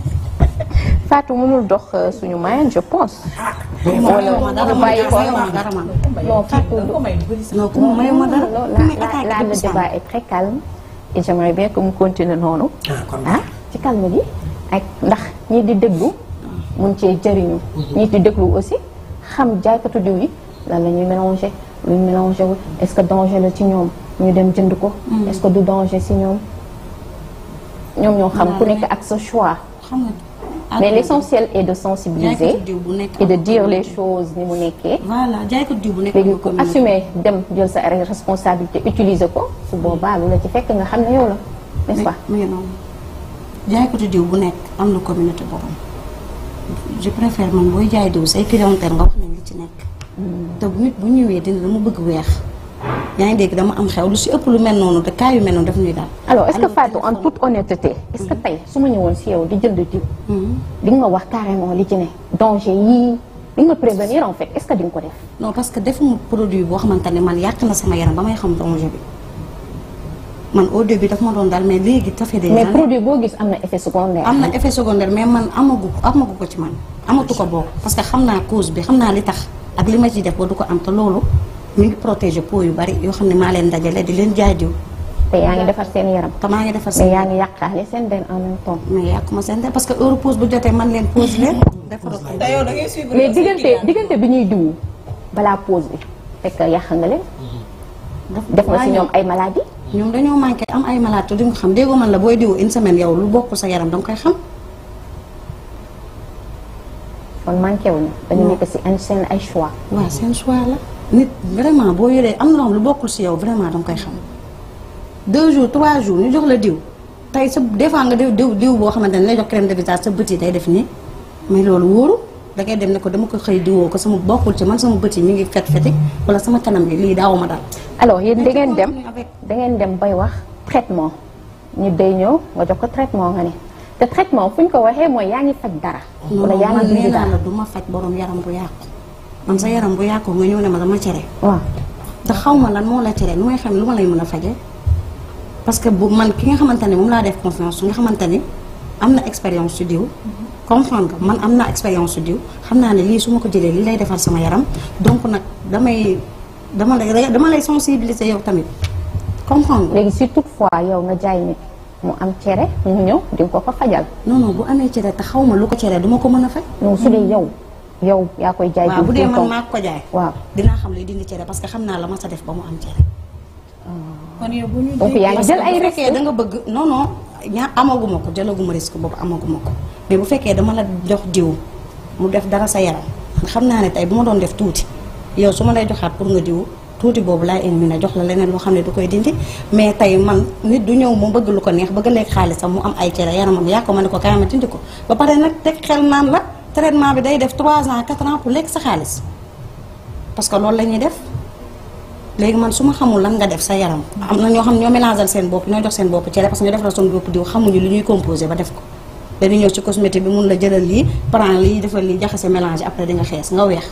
Fatou mënul dox euh, suñu moyen je pense. wala ñu bàyyi ko non Fatou. la le débat est très calme. et j'aimerais bien que mu continue noonu. ah, ah ci calme gi ak ndax ñii di déglu. mun cee jariñu ñii di déglu aussi xam jaaykatu diw yi lan la ñuy mélanger lu ñu est-ce que danger la ci ñoom ñu dem jënd ko. Hmm. est-ce que du danger ci ñoom. ñoom ñoo xam ku nekk ak sa choix. mais l'essentiel est de bu nekk de dire les choses ni mu nekkee. voilà jaaykat diw bu nekk léegi ko assumer dem jël sa responsabilité utiliser ko su boobaa lu la ci fekk nga xam ne yow la n'est-ce pas. mais non jaaykat diw bu nekk am na communauté boppam je préfère man booy jaay diw say clientèle nga wax nañ ci nekk. Hmm. te nit bu ñëwee dina la mu bëgg weex. yaa ngi dégg dama am xew lu si ëpp lu mel noonu te yu mel noonu daf ñuy daal. alors est-ce que Fatou en toute honnêteté. est-ce que tey su ma ñëwoon si mm-hmm. li ci ne danger yii. di nga est-ce ko def. non parce que defuma produit boo xamante ne man yàq na sama yaram ba may xam danger bi man au début daf ma doon daal mais léegi tafee day. mais produit boo gis am na effet secondaire. am na effet secondaire mais man amagu amagu ko ci man. amatu ko boobu parce que xam naa cause bi xam naa li tax ak li ma ciy def ba du ko am te loolu. ñu ngi protéger peau yu bari yoo xam ne maa leen dajale di leen jaay diw te yaa ngi defar seen yaram. te maa ngi defar seen yaram mais yaa ngi yàqaale seen den seen den parce que heure pause bu jotee man leen pause leen. defarul ko dayoo diggante diggante bi ñuy diw balaa pause bi fekk yàq nga leen. def nga si ñoom ay maladie ñoom dañoo manqué am ay maladie te duñ ko xam déggoo man la booy diw une semaine yow lu bokkul sa yaram danga koy xam. kon manqué wuñu dañu nekk si seen ay choix. seen nit vraiment boo yoree am na loo lu bokkul si yow vraiment dama koy xam deux jours trois jours ñu jox la diw tey sa des fois nga diw diw diw boo xamante ne lay jox crème de visage sa bët yi day def nii mais loolu wóoru da ngay dem ne ko dama ko xëy diwoo ko sama bokkul ci man sama bët yi ñu ngi fet feti wala sama kanam bi lii daawuma daal. alors yéen da ngeen dem da ngeen dem bay wax traitement ñu day ñëw nga jox ko traitement nga ni te traitement fu ñu ko waxee mooy yaa ngi faj dara. wala yaa ngi dindi dara non du ma faj boroom yaram bu yàqu. man sa yaram bu yàqoo nga ñëw ne ma dama cere. waaw te xaw ma lan moo la cere nu may xam lu ma lay mën a faje parce que bu man ki nga xamante ne moom laa def confiance su nga xamante ne am na expérience su diw. comprendre nga man am naa expérience su diw xam naa ne lii su ma ko jëlee lii lay defar sama yaram donc nag damay dama lay dama lay sensibiliser yow tamit comprendre léegi si toutefois yow nga jaay nit mu am cere mu ñëw di nga ko ko fajal. non non bu amee cere xaw ma lu ko cere du ko mën a faj. non su dee yow yaa koy jaay. waaw bu dee man maa ko jaay. waaw dinaa xam lay dindi cere parce que xam naa la ma sa def ba mu am cere. Oh. kon bu ñu yaa ngi jël da nga bëgg non amaguma ko jëlaguma risque boobu amaguma ko mais bu fekkee dama la jox diw mu def dara sa yaram xam naa ne tey bu ma doon def tuuti yow su ma lay joxaat pour nga diw tuuti boobu laay éliminer jox la leneen loo xam ne du koy dindi mais tey man nit du ñëw mu bëgg lu ko neex bëgg lekk xaalisam mu am ay cere yaramam yaa ko ma ne ko kaay ma dindi ko ba pare nag teg xel naan la. traitement bi day def 3 ans 4 pour lekk sa xaalis parce que loolu la ñuy def léegi man su ma xamul lan nga def sa yaram. am na ñoo xam ñoo mélangeal seen bopp ñoo jox seen bopp cere parce que ñu def la seen bopp diw xamuñu li ñuy composé ba def ko. dañu ñëw ci cosmétique bi mun la jëlal lii prend lii defal lii jaxase mélange après di nga xees nga weex.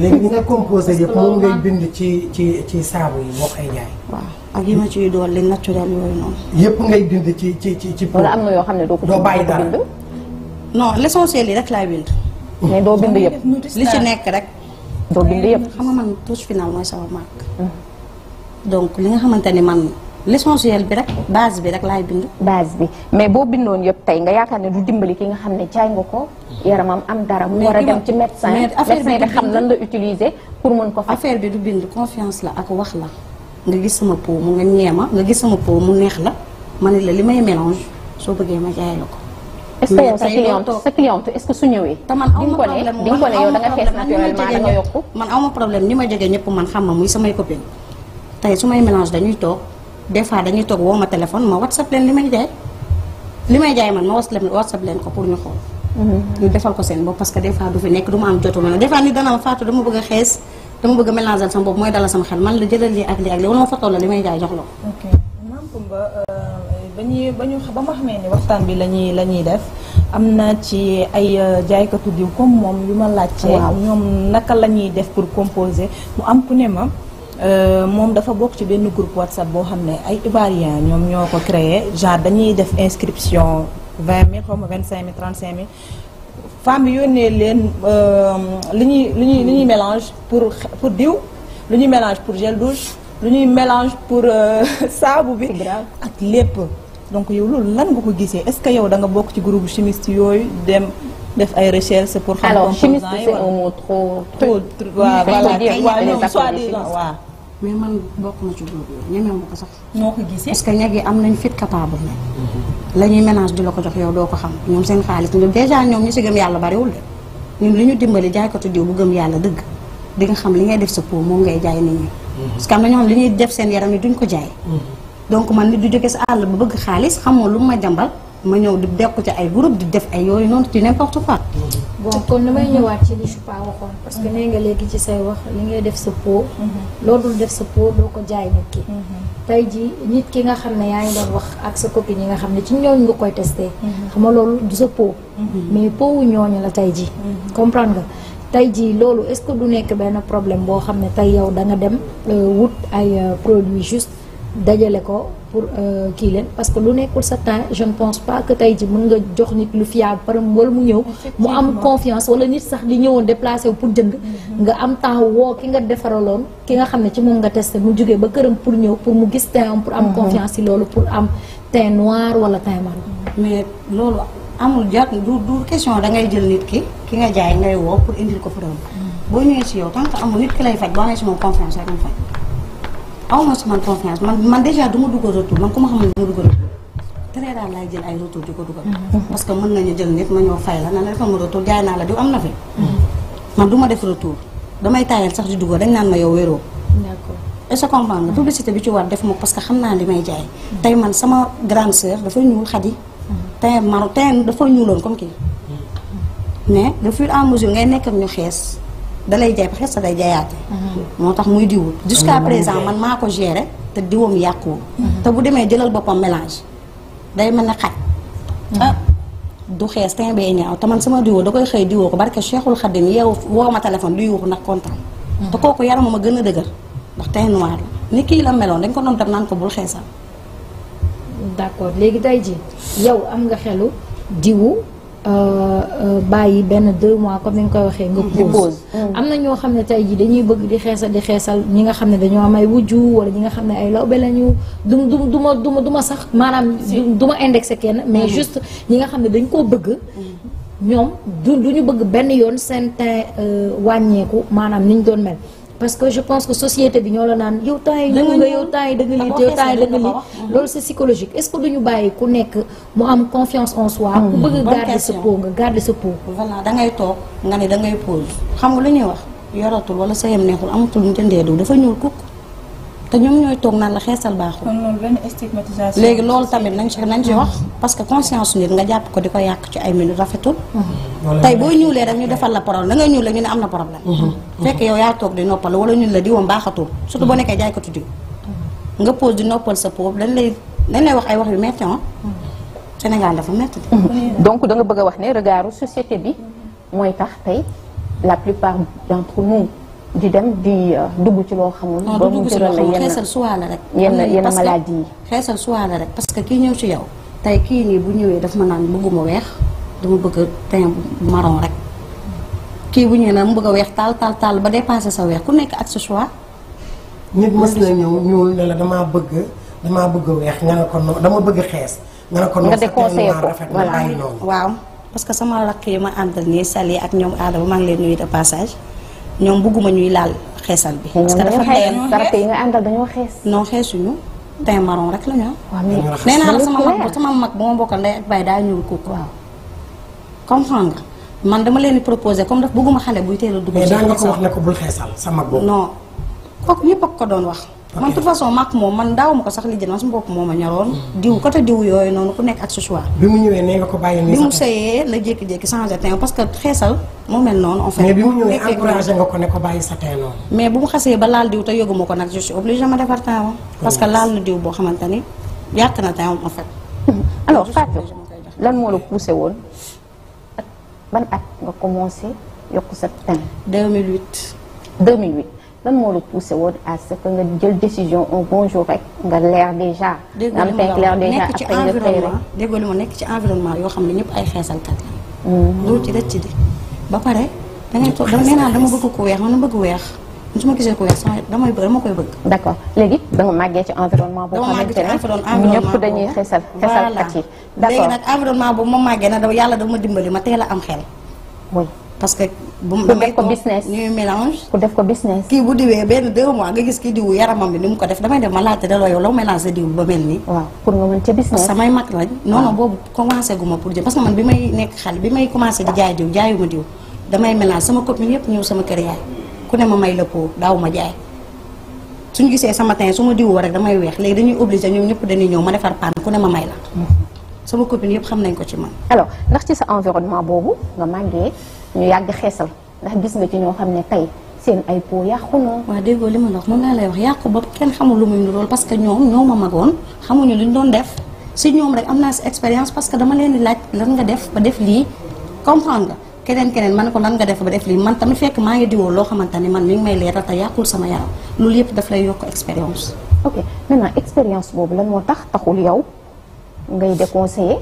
léegi li nga composé yëpp moom ngay bind ci ci ci saabu yi moo koy jaay. waaw ak yi ma ciy dool dolli naturel yooyu noonu. yëpp ngay bind ci ci ci ci. wala na yoo xam ne doo ko doo bàyyi dara non l'essentiel yi rek laay bind. mais doo bind yëpp li ci nekk rek. doo bind yëpp xam nga man touche finale mooy sama marque. donc li nga xamante ni man l'essentiel bi rek base bi rek laay bind. base bi mais boo bindoon yëpp tey nga yaakaar ne du dimbali ki nga xam ne jaay nga ko yaramam am dara. mu war a dem ci médecin médecin bi xam lan la utiliser pour mën ko. affaire bi du bind confiance la ak wax la nga gis sama peau mu nga ñeema nga gis sama po mu neex la ma ne la li may mélange soo bëggee ma jaay ko. est-ce que yow sa cliente sa cliente est-ce que su ñëwee. te man aw problème ni ma jógee ñëpp man xam ma muy samay copine tey su may mélange dañuy toog des dañuy toog woo ma téléphone ma whatsapp leen li may jaay li may jaay man ma whatsapp leen ko pour ñu xool. Mm-hmm. ñu defal ko seen bopp parce que des fois du fi nekk du ma am jotu ma des nit dana ma dama bëgg a xees dama bëgg a mélanger sama bopp mooy dalal sama xel man la jëlal lii ak lii ak lii ma fotoo la li may jaay jox la ko. ba ñuy ba ñu ba ma xamee ni waxtaan bi la ñuy la ñuy def am na ci ay euh, jaaykatu diw comme moom yu ma laajtee ñoom naka la ñuy def pour composer mu am ku ne ma euh, moom dafa bokk ci benn groupe whatsapp boo xam ne ay ivoirien ñoom ñoo ko créé genre dañuy def inscription vingt mille xaw ma vingt cinq mille trente cinq mille femme bi yónnee leen euh, li ñuy li ñuy li ñuy mélange pour pour diw lu ñuy mélange pour gel douche lu ñuy mélange pour saabu bi ak lépp donc yow loolu lan nga ko gisee est-ce que yow da nga bokk ci groupe chimiste yooyu dem def ay recherche pour. xam alors chimiste c'est un mot trop. trop waaw voilà kay man bokk na ci groupe yooyu ñeme ma ko sax. noo ko parce que ñag yi am nañ fit capable ne. la ñuy ménage di la ko jox yow doo ko xam ñoom seen xaalis ñoom déjà ñoom ñu si gëm yàlla bariwul de ñun li ñu dimbali jaaykatu diw bu gëm yàlla dëgg dinga xam li ngay def sa peau moom ngay jaay nit ñi. parce am na ñoo xam li ñuy def seen yaram yi duñ ko jaay. donc man nit du jóge sa àll ba bëgg xaalis xamoo lu ma jàmbal ma ñëw di dekku ci ay groupe di def ay yooyu noonu ci n'importe quoi. bon kon damay ñëwaat ci li Choupa waxoon. parce que nee nga léegi ci say wax li ngay def sa po loo dul def sa pot doo ko jaay nit tey jii nit ki nga xam ne yaa ngi doon wax ak sa copine yi nga xam ne ci ñooñu nga koy testé. xam nga loolu du sa pot. mais pot wu ñooñu la tey jii. comprendre nga. tey jii loolu est-ce que du nekk benn problème boo xam ne tey yow da dem euh, wut ay euh, produit juste. dajale ko pour euh, kii leen parce que lu nekkul sa temps je ne pense pas que tey ji mën nga jox nit lu fiable par wala mu ñëw mu am confiance wala nit sax di ñëwoon déplacé wu pour jënd mhm. nga am temps woo ki nga defaraloon ki nga xam ne ci moom nga testé mu jógee ba këram pour ñëw pour mu gis teint am pour am mhm. confiance ci loolu pour am teint noir wala teint marron mais loolu amul jàpp du du question da ngay jël nit ki ki nga jaay ngay woo pour indil ko problème mhm. boo ñëwee ci yow tant que amul nit ki lay aw ma si man confiance man man déjà du ma dugg retour man ku ma xamul du ma dugg retour très rare laay jël ay retour di ko dugal. Mhm. parce que mën nañu jël nit ma ñoo fay la na la defal ma retour jaay naa la diw am na fi. Mhm. man du ma def retour damay taayal sax di dugal dañ naan ma yow wéroo. d'accord est-ce que comprendre nga bi ci waat def ma parce que xam naa li may jaay. Mhm. tey man sama grande sœur dafa ñuul xadi. tey ma tey dafa ñuuloon comme kii. mais de fur e à ngay nekk ak ñu xees. dalay jaay parce que day jaayaate. moo tax muy diwul. jusqu'à mm-hmm. présent man maa ko gérer te diwam yàquwul. Mm-hmm. te bu demee jëlal boppam mélange day mel ne xaj. Mm-hmm. ah du xees te bay ñaaw te man sama diwoo da koy xëy diwoo ko barke Cheikhul Khadim yeewu woo ma téléphone du yuuxu ndax kontaan. te kooku yaramam ma gën a dëgër ndax te noir la ni kii la meloon dañ ko doon dem naan ko bul xeesal. d'accord léegi day ji yow am nga xelu diwu. Euh, euh, bàyyi benn deux mois comme ni nga koy waxee nga pause am na ñoo xam ne tey jii dañuy bëgg di xeesal di xeesal ñi nga xam ne dañoo am ay wujju wala ñi nga xam ne ay lawbe lañu du du du duma du ma du ma sax maanaam du ma indexé kenn mais mhm. juste ñi nga xam ne dañ koo bëgg mhm. du du bëgg benn yoon seen teint euh, wàññeeku maanaam ni ñu doon mel parce que je pense que société bi ñoo la naan yow temps yi ñëw nga yow temps yi da nga lii yow temps yi da nga lii mm-hmm. loolu c'est psychologique est-ce que duñu bàyyi ku nekk mu am confiance en soi ku mm-hmm. bëgg garder sa peau nga garder sa peau voilà da ngay toog nga ne da ngay pause xam nga lu ñuy wax yoratul wala sa yem neexul amatul njëndee diw dafa ñuul kukk te ñoom ñooy toog naan la xeesal baaxul. kon loolu léegi loolu tamit nañ ci nañ ci wax parce que conscience nit nga jàpp ko di ko yàq ci ay minutes rafetul. tey boo ñuulee rek ñu defal la problème da ngay ñuulee ñu ne am na problème. Mm-hmm. Mm-hmm. fekk yow yaa toog di noppal wala ñun la diwoon baaxatul. surtout boo mm-hmm. nekkee jaay ko tuddi nga pose di noppal sa poofu dañ lay dañ lay wax ay wax yu métti ah. Sénégal dafa métti. donc da nga bëgg a wax ne regardu société bi mooy tax tey la plupart d'entre nous. di dem di euh, dugg ci loo xamul. ba mu jural la yenn xeesal la rek. yenn yenn maladie yi xeesal suwaa la rek. parce que kii ñëw ci yow tey kii nii bu ñëwee daf ma naan bëgguma weex dama bëgg teint bu marron rek kii bu ñëwee nag mu bëgg a weex taal taal taal ba dépassé sa weex ku nekk ak sa choix. nit mës na ñëw ñuul ne la bëgg damaa bëgg weex nga ko dama bëgg xees. nga ne ko noonu sa teint rafet na ay waaw parce que sama lakk yi ma àndal nii Sali ak ñoom Adama maa ngi leen nuyu de passage. ñoom bëgguma ñuy laal xeesal bi. parce que dafa teel dara yi nga àndal dañoo xees. non xeesuñu teint marron rek la ñu nee sama mag sama mag bu ma bokkal ndey ak baay daa ñuul kooku. waaw comprendre nga man dama leen di comme daf bëgguma xale buy teel a dugg. mais daa nga ko wax ko bul xeesal sama bopp non. kooku ñëpp ak ko doon wax. man toute façon maak moom man daaw ma ko sax li jël man su ma bopp moo ma ñoroon. Hmm. diw côté diw yooyu noonu ku nekk ak sa choix. bi mu ñëwee nee nga ko bàyyi nii bi mu sëyee la jékki-jékki changé teint parce que xeesal moo mel noonu. en fait mais bi mu ko ne ko bàyyi sa teint noonu. mais bu mu xasee ba laal diw te yëgu ma ko nag je suis obligée ma defar teint parce que laal na diw boo xamante ni yàq na teint en fait. alors Fatou lan moo la poussé woon lan moo la poussé woon à ce nga jël décision un bon jour rek nga leer déjà. nga am teint clair déjà après déggoo li ma nekk ci environnement yoo xam ne ñëpp ay xeesalkat la. Mm-hmm. loolu ci rëcc di ba pare. da ngay toog nee naa dama bëgg ku weex man bëgg weex. su ma gisee ku weex sama damay bëgg dama koy bëgg. d' accord léegi dama màggee ci environnement boo xamante ne ñëpp dañuy xeesal xeesalkat yi. boobu ma màggee nag yàlla dama dimbali ma teel a am xel. parce que bu mu damay ko business ñuy mélange pour def ko business kii bu diwee benn deux nga gis kii diwu yaramam bi ni mu ko def damay def ma laajte daloo yow law mélange diw ba mel nii pour samay mag lañ non non boobu commencé gu ma pour jë parce que man bi may nekk xale bi may commencé di jaay diw jaayuma diw damay mélange sama copine yëpp ñëw sama kër yaay ku ne ma may la pot daaw ma jaay su suñu gisee sama teint su ma diwoo rek damay weex léegi dañuy obligé ñoom ñëpp dañuy ñëw ma defar paan ku ne ma may la mm. sama copine yëpp xam nañ ko ci man alors ndax ci sa environnement boobu nga màggee ñu yàgg xeesal ndax gis nga ci ñoo xam ne tey seen ay po yàqu na. waaw déggoo li ma wax moom laa lay wax yàqu ba kenn xamul lu muy lool parce que ñoom ñoo ma magoon xamuñu li ñu doon def si ñoom rek am naa si expérience parce que dama leen di laaj lan nga def ba def lii comprendre nga keneen keneen man ko lan nga def def lii man tamit fekk maa ngi diwoo loo xamante ni man mi ngi may leeral te yàqul sama yaram loolu yëpp daf lay yokk expérience. ok maintenant expérience boobu lan moo tax taxul yow ngay déconseiller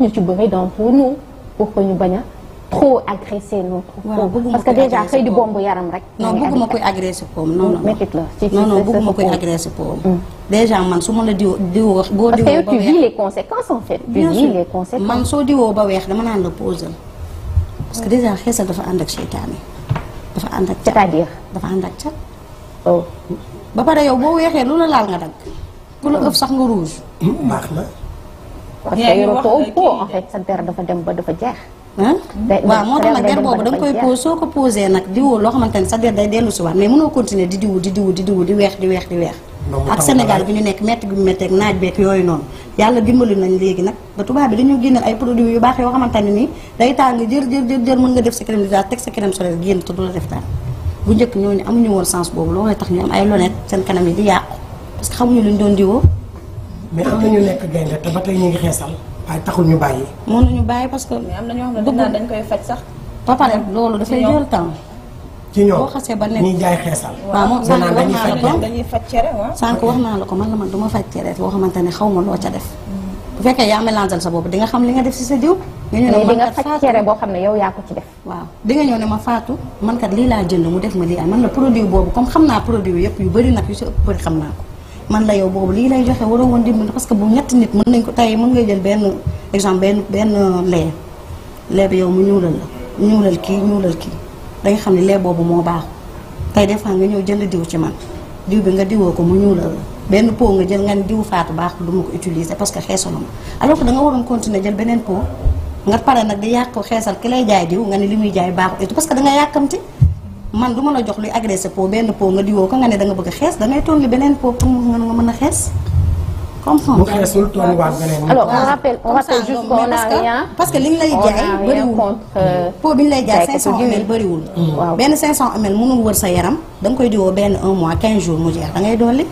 ñu ci bëri donc pour ñu pour que ñu bañ trop agressé notre waaw parce que déjà xëy di bomb yaram rek. non bëgguma koy agressé poom non non. la ci non non bëgguma koy agressé poom. Mm. man su ma la diwoo diwoo boo. diwoo ba weex parce que tu vis les soo diwoo ba weex dama naan la posal. parce que déjà xeesal dafa ànd ak seytaane dafa ànd ak cat cest à oh. ba pare yow boo weexee lu la laal nga dagg. ku la ëpp sax nga rouge. Hmm, baax na. parce que dafa dem ba dafa jeex. waaw moo tax nag der boobu da koy pose soo ko posé nag diwoo loo xamante ne sa der day dellu si waat mais mënoo continuer di diwu di diwu di diwu di weex di weex di weex ak Sénégal bi ñu nekk métti gi mu métteeg naaj beeg yooyu noonu yàlla dimbali nañ léegi nag ba tubaab bi dañu génneel ay produits yu baax yoo xamante ne nii day tàng jër jër jër jër sa crème visage teg sa crème solaire génn te du la def daal bu njëkk ñooñu amuñu woon sens boobu looloo tax ñu am ay lonet seen kanam yi di yàqu parce que xamuñu ñu doon diwoo mais am na ñu nekk gaynde te ba tey ñu waaye taxul ñu bàyyi. mënuñu bàyyi parce que. am na ñoo xam dañ koy faj sax. ba pare loolu dafay jël temps. ci ñoom boo xasee ba nekk ñuy jaay xeesal. waaw moom sànq wax naa la ko dañuy faj cere naa la ko man la man du ma faj cere boo xamante ne xaw ma loo ca def. Mm. bu fekkee yaa mélangel sa bopp di nga xam li nga def si sa jiw. nga ñëw ne boo xam ne yow yaa ko ci def. ma faatu man kat lii laa jënd mu def ma lii am man la produit boobu comme xam naa produit yëpp yu bëri nag yu si ëpp bëri xam naa ko man la yow boobu lii lay joxe waroo woon dimbali parce que bu ñetti nit mën nañ ko tey mën ngay jël benn exemple benn benn lee lee bi yow mu ñuulal la ñuulal kii ñuulal kii dañ xam ne lee boobu moo baaxu tey des fois nga ñëw jënd diw ci man diw bi nga diwoo ko mu ñuulal la benn pot nga jël nga ne diw faatu baax du ma ko utiliser parce que xeesalu ma alors que da nga waroon continuer jël beneen pot nga pare nag di yàq xeesal ki lay jaay diw nga ne li muy jaay baaxu parce que da yàkkamti man du ma la jox luy agressé peau benn peau nga diwoo ko nga ne da bëgg xees da ngay toll li beneen peau pour nga mën a xees. comprendre bu xeesul toll waat beneen. alors parce que li ñu lay jaay bëriwul. Euh, peau bi ñu lay jaay 500 ml bëriwul. waaw benn 500 ml mënul wër sa yaram danga koy diwoo benn un mois quinze jours mu jeex da ngay dolli.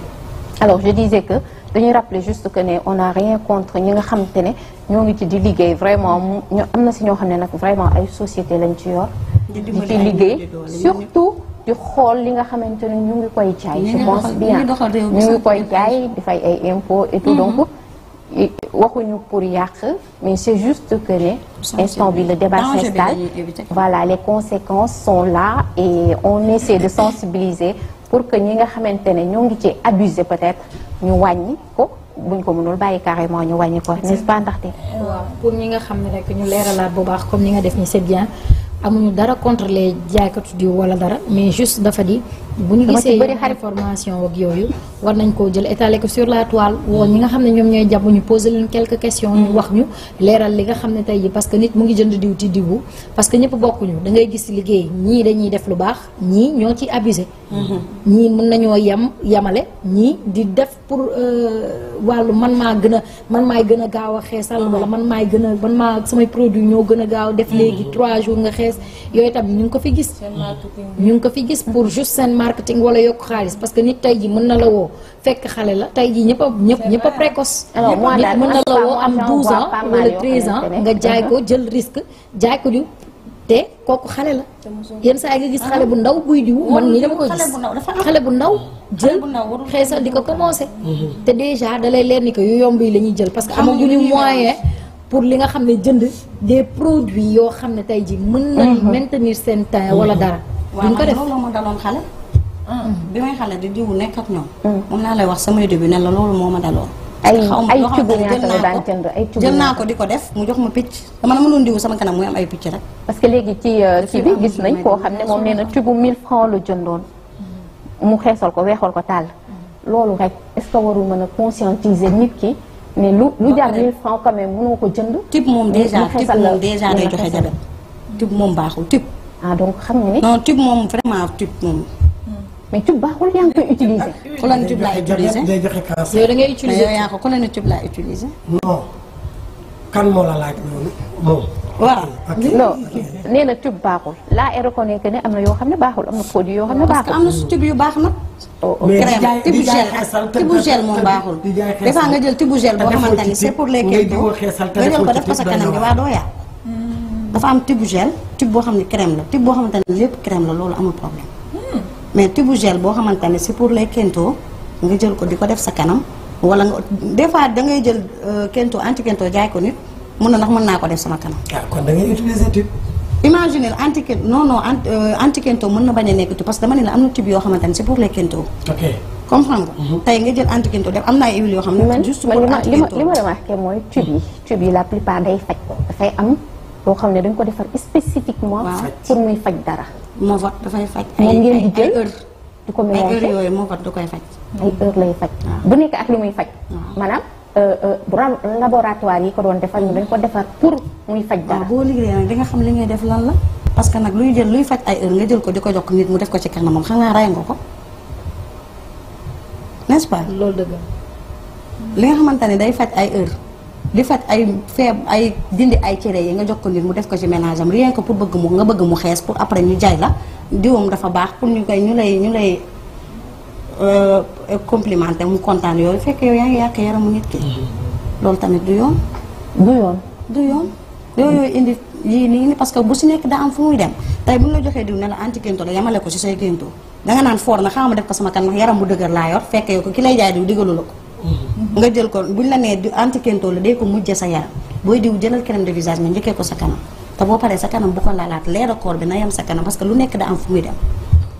alors je disais que dañuy rappeler juste que ne on a rien contre ñi nga xamante ne ñoo ngi ci di liggéey vraiment ñu am na si ñoo xam ne nag vraiment ay société lañ ci yor. di ci liggéey surtout di xool li nga xamante ne ñu ngi koy jaay je ñu ngi koy jaay dafay ay impôts et tout donc mhm. waxuñu pour yàq mais c'est juste que ne instant bi le débat s'installe voilà les conséquences sont là et on essaie de sensibiliser pour que ñi nga xamante ne ñoo ngi ci abusé peut-être ñu wàññi ko buñ ko mënul bàyyi carrément ñu wàññi ko n'est-ce pas ndaxte pour ñi nga xam ne rek ñu leeralaat bu baax comme ni nga def ni c'est bien amuñu dara contre les jaaykatu diw wala dara mais juste dafa di bu ñu gisee bëri information formation yooyu war nañ koo jël étaler ko sur la toile woo ñi nga xam ne ñoom ñooy jàpp ñu poser leen quelques questions ñu wax ñu leeral li nga xam ne tey ji parce que nit mu ngi jënd diw ci diwu parce que ñëpp bokkuñu da ngay gis liggéey ñii dañuy def lu baax ñii ñoo ci abusé mhm. ñii mën nañoo yem yemale ñii di def pour euh, wàllu man maa gën a man maay gën a gaaw a xeesal mhm. wala man maay gën a man maa samay produit ñoo gën a gaaw def mhm. léegi trois jours presse yooyu tam ñu ngi ko fi gis ñu ngi ko fi gis pour juste seen marketing wala yokk xaalis parce que nit tey ji mën na la woo fekk xale la tey ji ñëpp a ñëpp ñëpp la woo am 12 ans wala 13 ans nga jaay ko jël risque jaay ko diw te kooku xale la yenn saa yi nga gis ah. xale bu ndaw buy diw man nii dama ko gis xale bu ndaw jël xeesal di ko commencé te déjà dalay leer ni yu yomb yi la jël parce que amaguñu moyen pour li nga xam ne jënd des produits yoo xam ne tey jii mën nañ mentenir mhm. seen teint wala mhm. dara duñ ko def loolu ma daloon xale ah. bi may xale di diwu nekk ñoom moom laa lay wax samay début ne la loolu moo a daloon ay ay cubu ñaata la daan jënd ay cubu jël naa ko di ko def mu jox ma picc dama na mënoon diwu sama kanam muy am ay picc rek parce que léegi ci kii euh, bi gis nañ koo xam ne moom na cubu 1000 francs la jëndoon mhm. mu xeesal ko weexal ko tàll loolu rek est-ce que warul mën a conscientiser nit ki mais lu lu jar 1000 francs quand même ko jënd. tib moom dèjà tib moom dèjà day joxe jabet. tib moom baaxul tib. ah donc xam nga ni. non tib moom vraiment tib moom. mais tub baaxul yaa ngi koy utiliser. colonne tub laa utiliser day joxe cancer yow da ngay utiliser yow yaa ko colonne tub laa utiliser. non kan la waaw non nee na tube baaxul laa est reconnaître que am na yoo xam ne baaxul am na produit yoo xam ne baaxul. parce que am na su tube yu baax na oh, crème tibu gel tibu gel moom baaxul. des fois nga jël tibu gel boo xamante ni c'est pour les kéemtoo def ko sa kanam gi waa hmm. am tibu gel tube boo xam ne crème la tube boo xamante ne lépp crème la loolu amul problème. Hmm. mais tibu gel boo xamante ne c'est pour les kéemtoo nga jël ko di ko def sa kanam wala nga des fois dangay jël euh, kéemtoo anti kéemtoo jaay ko nit. mun na ndax mën naa ko def sama kanam. ah kon da ngay utiliser tube. imaginer anti non non euh, anti kento na bañ a nekk tube parce que dama ne la am na tube yoo xamante ne c'est pour les kento. ok comprendre mhm. am na ay huiles yoo xam ne. juste pour anti kento tube yi. tube yi la plupart day faj dafay am. boo xam ne dañ ko defar spécifiquement. pour muy faj dara. moo fa dafay faj. moom ngeen di jël ay heure ay heure yooyu moo fa da koy faj. ay heure lay faj. bu nekk ak li muy faj. maanaam. Euh, euh, laboratoire yi ko doon defar ñu dañ ko defar pour muy faj dara. waaw boo liggéeyee nag di nga xam li ngay def lan la. parce que nag luy jël luy faj ay heure nga jël ko di ko jox nit mu def ko ci kanamam xam nga ray nga ko loolu dëgg li nga xamante ne day faj ay heure di faj ay feeb ay dindi ay cere yi nga jox ko nit mu def ko ci ménage am rien que pour bëgg mu nga bëgg mu xees pour après ñu jaay la diwam dafa baax pour ñu koy ñu lay ñu lay. Euh, euh, complimenté mu kontaan yooyu fekk yow yaa ngi yàq yaramu nit ki. loolu tamit du yoon. du yoon du yoon. yooyu indi yii nii parce que bu si nekk daa am fu muy dem tey bu ñu la joxee diw ne la anti génto la yamale ko si say génto danga naan foor na xaaral ma def ko sama kan ndax yaram bu dëgër laa yor fekk yow ko ki lay jaay diw digalu la ko. Mm-hmm. nga jël ko ñu la nee anti génto la dee ko mujjee sa yaram booy diw jëlal crème de visage nga njëkkee ko sa kanam te boo paree sa kanam bu ko laalaat leer a koor bi sa kanam parce que lu nekk daa am fu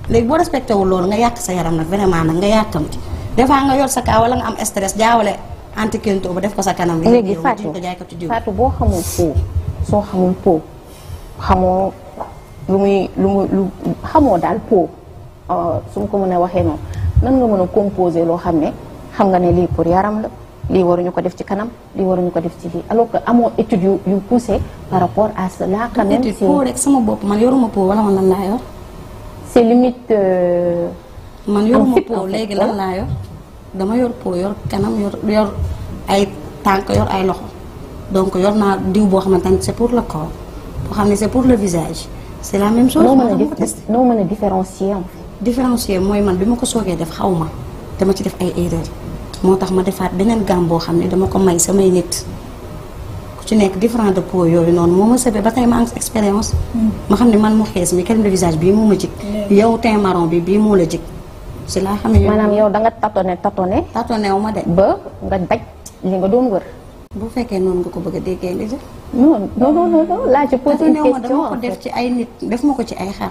léegi boo respecté wul loolu nga yàq sa yaram nag vraiment nag nga yàkkamti des fois nga yor sa kaa wala nga am stress jaawale antikinto ba def ko sa kanam. léegi Fatou Fatou boo xamul po soo xamul po xamoo lu lu lu xamoo daal po euh, su ma ko mën a waxee noonu nan nga mën a composer loo xam ne xam nga ne lii pour yaram la. lii waruñu ko def ci kanam lii waruñu ko def ci lii alors que amoo étude yu yu poussé par rapport à cela. quand même po rek sama bopp man yoruma po wala man lan laa yor. c'est limite. Euh, man yoruma po léegi lan laa yor dama yor po yor kanam yor yor ay tànk yor ay loxo donc yor naa diw boo xamante ne c'est pour le corps boo xam ne c'est pour le visage c'est la même chose. noo mën a noo mën a différencier en fait. différencier mooy man bi ma ko soogee def xaw ma dama ci def ay erreur moo tax ma defaat beneen gamme boo xam ne dama ko may samay nit. ci nekk différent de peau yooyu noonu moo ma sëbee ba tey ma expérience. Hmm. ma xam ne man mu xees mi crème de visage bii moo ma jik yow teint marron bi bii moo la jik si laa xam ne maanaam yow da nga tato tatoné. tatoné ma de. ba nga daj li nga doon wër. bu fekkee noonu nga ko bëgg a déggee nga jël. non laa ci posé dama ko def ci ay nit def ma ko ci ay xar.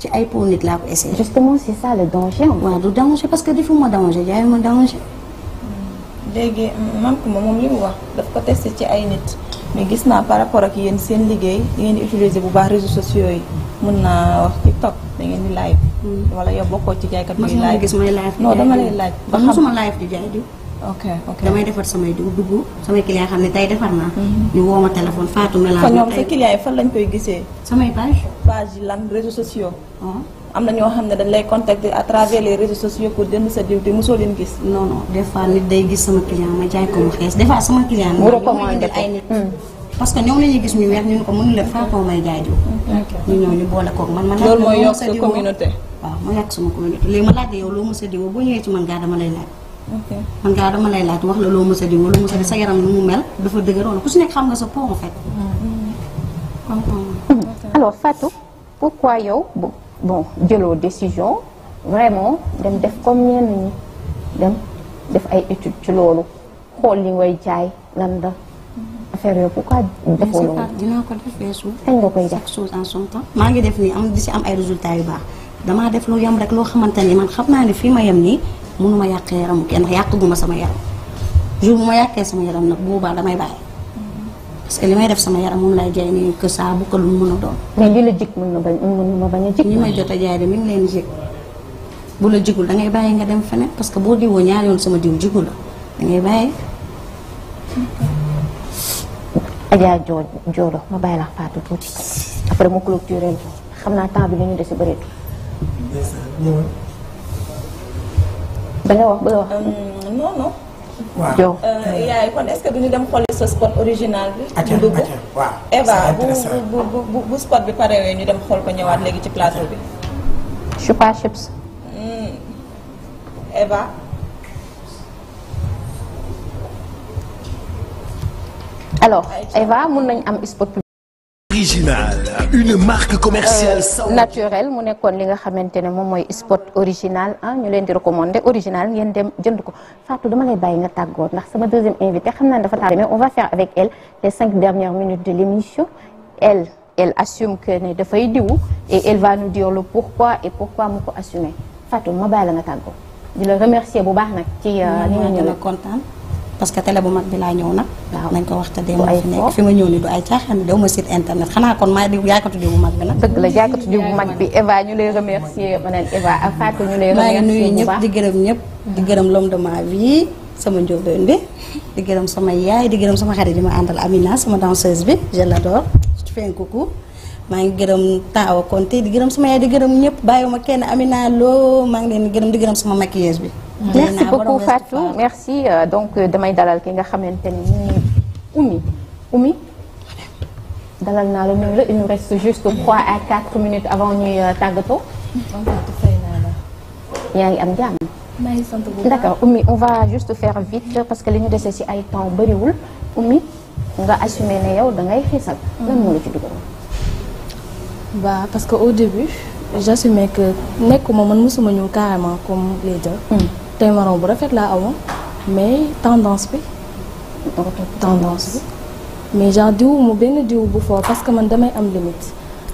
ci ay peau nit laa ko essayé. justement c'est ça le danger. waaw du danger parce que defuma danger jaay danger. léegi man ko moom li mu wax daf ko testé ci ay nit mais gis naa par rapport ak yéen seen liggéey da ngeen di utiliser bu baax réseaux sociaux yi mun naa wax TikTok da ngeen di live hmm. wala yow bokkoo ci jaaykat yi live gis may live non dama lay laaj ba xam suma live di jaay diw ok ok damay defar samay dugub dugg samay clients xam ne tey defar naa. Hmm. ñu woo ma téléphone Fatou Mela. ñoom sa clients yi fan lañ koy gisee. samay page. page yi lan réseaux sociaux. Ah. am na ñoo xam ne dañ lay contacter à travers les sociaux pour jënd sa diw te mosoo leen gis. non non des fois nit day gis sama client ma jaay ko mu xees des sama client. sa ma yokk sama communauté léegi yow loo mos a diwoo boo ñëwee ci man gaa dama lay laaj. man gaa dama lay laaj wax la loo mos a diwoo loo mos a diw sa yaram lu mu mel dafa dëgër wala ku si nekk xam nga sa po en fait. Hmm. Hmm. alors Fatou pourquoi yow bon jëloo décision vraiment dem def comme ñenn ñi dem def ay étude ci loolu xool li ngay jaay lan la affaire yooyu pourquoi defoo loolu dinaa ko def les jours kañ nga koy def chaque en son temps maa ngi def nii am di si am ay résultat yu baax damaa def lu yam rek loo xamante ni man xam naa ne fii ma yam nii mënuma yàq yaramu kenn ndax ma sama yaram jour bu ma yàqee sama yaram nag boobaa damay bàyyi parce que li may def sama yaram moom laay jaay nii que ça bu ko a doon. mais li la jig mën na bañ mën na bañ a jig. ñi may jot a jaay de mi leen jig bu la jigul da ngay bàyyi nga dem feneen parce que boo diwoo ñaari yoon sama diw jigul la da ngay bàyyi. Adja joo Dior ma bàyyi la Fatou tuuti après mu clôturer xam naa temps bi li ñu dese bëreetul. da nga wax bëgg a wax. Euh, waaw yow. Euh, yaay kon est-ce que duñu dem xooli sa spot original bi. atiwaat dugg Eva bu bu bu bu spot bi parewee ñu dem xool ko ñëwaat léegi ci plateau bi. Chupa Chips. Hmm. Eva. alors Eva mun nañ am spot. original une marque commerciale. Euh, naturelle mu nekkoon li nga xamante ne moom mooy spot original ah ñu leen di recommander original ngeen dem jënd ko Fatou dama lay bàyyi nga tàggoo ndax sama deuxième invité xam naa dafa tardé mais on va faire avec elle les cinq dernières minutes de l'émission elle elle assume que ne dafay diwu et elle va nous dire le pourquoi et mu ko assumer Fatou ma bàyyi la nga tàggoo di la remercier bu baax nag. ci li euh, nga ñëw kontaan. parce que télé bu mag bi laa ñëw nag. waaw nañ ko wax te démb fi ma ñëw ni du ay caaxaan daw ma site internet xanaa kon maa di jaaykatu diw bu mag bi ma naan Eva ak Fatou ñu lay. maa ngi nuyu ñëpp di gërëm ñëpp. di gërëm sama njóobeen di gërëm sama yaay di gërëm sama xare di ma àndal Amina sama danseuse bi je l'adore je maa ngi gërëm Tawa Konté di gërëm sama yaay di gërëm ñëpp ma kenn Amina loo maa ngi leen di gërëm di gërëm sama maquillage bi merci beaucoup Fatou merci euh, donc euh, damay dalal ki nga xamante ni mooy Oumy Oumy dalal naa la nuyu la il nous reste juste 3 à 4 minutes avant ñuy euh, tàggatoo. yaa ngi am jàmm. maa ngi sant bu baax d'accord Oumy on va juste faire vite parce que li ñu dese ci ay temps bëriwul Oumy nga assumé ne yow da ngay xiisal. lan moo la ci dugal. waaw parce que au début j'assumais que nekkuma man mosuma ñëw carrément comme les deux. Hmm. tey marron bu rafet laa amoon mais tendance bi. tendance bi mais genre diw mu benn diw bu fort parce que man damay am limite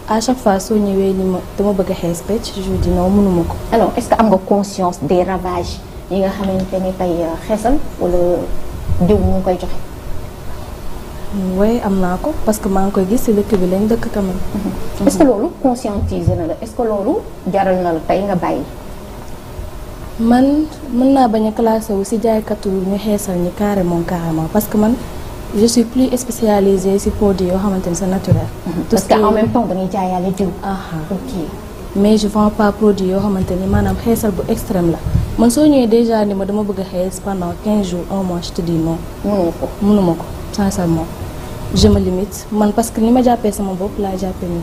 à chaque fois soo ñëwee ni ma dama bëgg a xees pecc je dis non mënuma ko. alors est-ce que am nga conscience des ravages yi nga xamante ni tey euh, xeesal wala diw mu ngi koy joxe. oui am naa ko parce que maa ngi koy gis ci dëkk bi lañ dëkk quand même. Mm-hmm. est-ce que loolu conscientiser na la est-ce que loolu jaral na la tey nga bàyyi. man mën naa bañ a classé wu si jaaykatu ñu xeesal ñi carrément carrément parce que man je suis plus spécialisée si produit yoo xamante ni c'est naturel. Mhm. parce que en même temps dañuy jaayaale jiw. ok mais je vent pas produit yoo xamante ni maanaam xeesal bu extrême la man soo ñëwee déjà ni ma dama bëgg a xees pendant 15 jours un mois je te dis non. mënuma ko mënuma ko sincèrement je me limite man parce que ni ma jàppee sama bopp laa jàppee nii.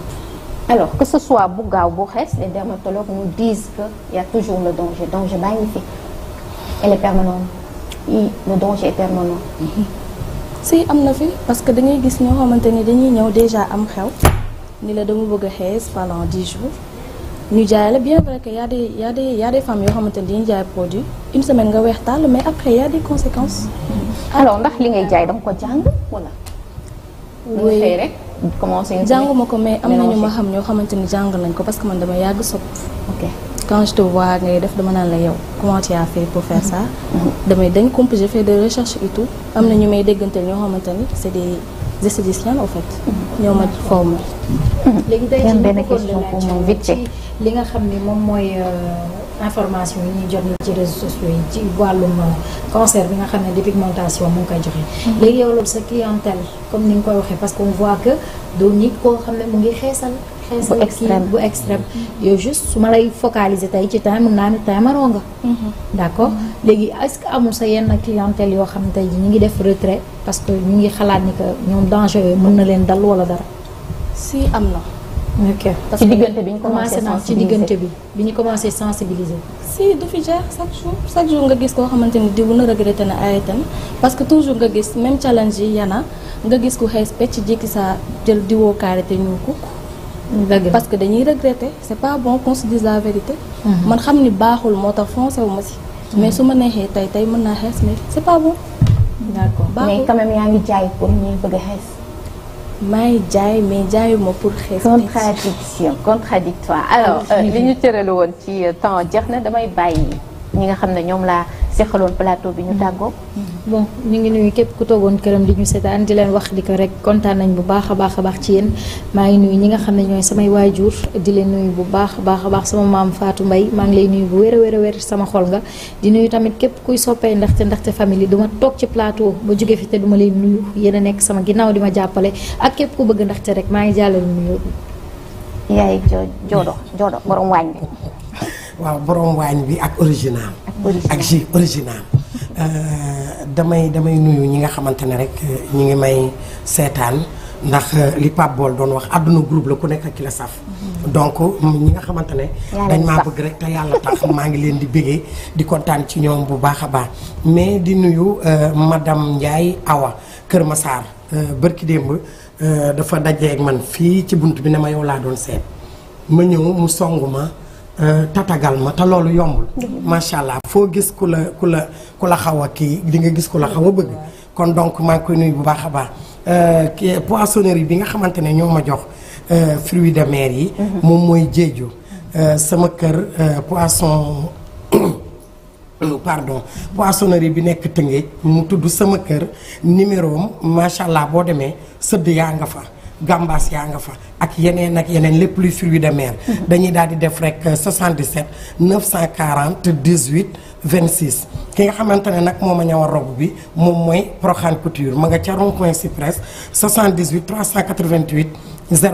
alors que ce soit bu gaaw bu xees les dermatologues nous disent que il toujours le danger danger baa ngi fi elle est permanente le danger est permanent mhm. si am na fi parce que dañuy gis ñoo xamante ni dañuy ñëw déjà am xew ni la dama bëgg a xees pendant di jours ñu jaay la bien vrai que y a des y a yoo xamante ni dañuy jaay produit une semaine nga weex tàll mais après y a des conséquences alors ndax li ngay jaay dama ko jàng wala oui commencé nga jànguma ko mais am na ñu ma xam ñoo xamante ni jàng nañ ko parce que man dama yàgg sopp ok quand je ngay def dama naan la yow comment tu as fait pour faire mm-hmm. Mm-hmm. damay dañ comp j'ai fait des recherches et am na ñu may dégganteel ñoo xamante ni c'est des esthéticiens en fait mm-hmm. ñoo ma formé léegi day benn question pour moom li nga xam ni moom mooy euh, information yi ñuy jot ci réseaux sociaux yi ci wàllum euh, cancer bi nga xam ne dépigmentation mu ngi koy joxe. Mm-hmm. léegi yow loolu sa clientèle comme ni nga koy waxe parce que on voit que doo nit koo xam ne mu ngi xeesal. bu extrême bu extrême mm-hmm. yow juste su ma lay focaliser tey ci temps mën naa ne temps maroo nga mm-hmm. léegi est que amul sa yenn clientèle yoo xam ne tey ji ñu ngi def retrait parce que ñu ngi xalaat ni que ñoom danger yooyu mën na leen dal wala dara si ok parce que ci diggante bi ñu commencé sensibiliser ci diggante bi bi ñu commencé sensibiliser. si du fi jaar chaque jour nga gis koo xamante ni diw na regretté na ay itam parce que toujours nga gis même challenge yi yana nga gis ku xees pecc jikki saa jël diwoo kaarite ñu kukk parce que dañuy regretter c'est pas bon qu'on se dise la vérité. Mhm. man xam ni baaxul moo tax foncé wu ma si. Mhm. mais su ma neexee tey tey mën naa xees mais c'est pas bon. d'accord mais quand même yaa ngi jaay pour ñuy bëgg xees. maay jaay mais jaayuma pour xees. contradiction contradictoire alors euh, li ñu cërale woon ci euh, temps jeex na damay bàyyi. ñi nga xam ne ñoom laa seqaloon plateau bi ñu mhm. tàggoo. bon ñu ngi nuyu képp ku toogoon këram di ñu seetaan di leen wax di ko rek kontaan nañ bu baax a baax a baax ci yéen maa ngi nuyu ñi nga xam ne ñooy samay waajur di leen nuyu bu baax a baax a baax sama maam faatu mbay maa ngi lay nuyu bu wér a wér a wér sama xol nga di nuyu tamit képp kuy soppee ndaxte ndaxte famille duma toog ci plateau ba jóge fi te duma lay nuyu yéen nekk sama ginnaaw di ma jàppale ak képp ku bëgg ndaxte rek maa ngi jàllale nuyu. yaay jo joodo joodo borom waañ waaw borom waañ bi ak original. ak jus original. Euh, damay damay nuyu ñi nga xamante ne rek euh, ñi ngi may seetaan ndax euh, li Pape Bool doon wax àdduna groupe la ku nekk ak ki la saf. Mm-hmm. donc ñi nga xamante ne. dañ maa bëgg rek te yàlla tax maa ngi leen di bëggee di kontaan ci ñoom bu baax a baax mais di nuyu madam Ndiaye Awa Kër Massar bërki démb dafa dajeeg man fii ci bunt bi ne ma yow laa doon seet ma ñëw mu song ma. Euh, tatagal ma te loolu yombul. macha allah foo gis ku la ku la ku la xaw a kii di nga gis ku la xaw a bëgg. kon donc maa ngi koy nuyu bu baax a baax euh, kii poissonnerie bi nga xamante ne ñoo ma jox euh, fruits de mer yi. Mhm. moom mooy jéeju sama kër poisson. pardon poissonnerie bi nekk Tëngéej mu tudd sama kër numéro am macha allah boo demee sëdd yaa nga fa. gambas yaa nga fa ak yeneen ak yeneen lépp lu fruit de mer mhm. dañuy daal di def rek 77 940 18 26 ki nga xamante ne nag moom a ñawal rob bi moom mooy Proxane Couture ma nga ca rond point Cyprès 78 388 05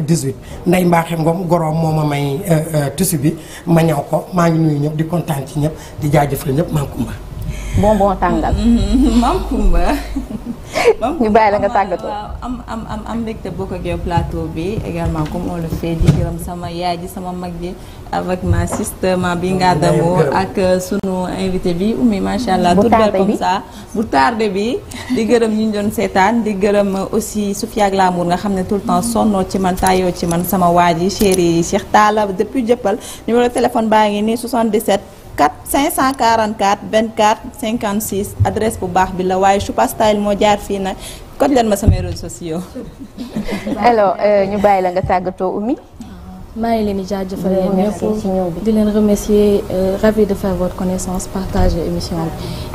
18 nday mbaaxe ngoom goroom moo ma may euh, euh, tissu bi ma ñaw ko maa ngi nuyu ñëpp di kontaan ci ñëpp di jaajëfal ñëpp maa kumba bonbon tàngal. maam Kumba. ñu bàyyi la nga tàggatoo am am am am mbégte bokk ak yow plateau bi également comme on le fait di gërëm sama yaay ji sama mag ji avec ma sister bi nga damoo ak euh, sunu invité bi ummi macha allah. bu tardé bi comme ça bu tardé bi. di gërëm ñu doon seetaan di gërëm aussi Sophia ak Lamour nga xam ne tout le temps sonnoo ci man taayoo ci man sama waa ji chéri Cheikh Talla depuis Jëppal numéro téléphone baa ngi nii 77. 4 544 24 56 adresse bu baax bi la waaye Choupa Style moo jaar fii nag code leen ma samay réseaux sociaux. alors euh, ñu bàyyi la nga tàggatoo Oumy. maa ngi leen di jaajëfal yéen ñëpp di leen remercier euh, ravi de faire votre connaissance partager émission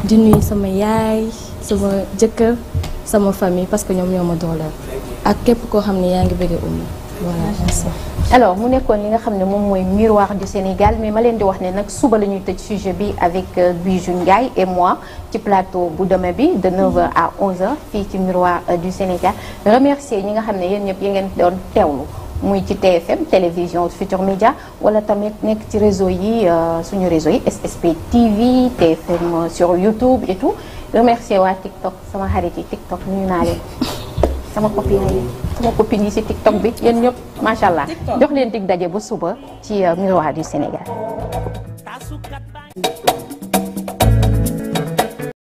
bi di nuyu sama yaay sama jëkkër sama famille parce que ñoom ñoo ma dooleel ak képp koo xam ne yaa ngi bëgg Oumy. voilà mu nekkoon li nga xam ne moom mooy miroir du Sénégal mais ma leen di wax ne nag suba la ñuy tëj sujet bi avec Bijou euh, Ndiaye et mois ci plateau bu demain bi de 9 mm-hmm. à 11h fii ci miroir euh, du Sénégal remercier ñi nga xam ne yéen ñëpp yi ngeen doon teewlu. muy ci TFM télévision Futur Média wala tamit nekk ci réseau yi euh, suñu réseau yi SSP TV TFM sur YouTube et tout remercier waa TikTok sama xarit yi TikTok nuyu naa leen. sama copine yi sama copine yi si TikTok bi yéen ñëpp macha allah jox leen dig daje ba suba ci euh, miroir du Sénégal.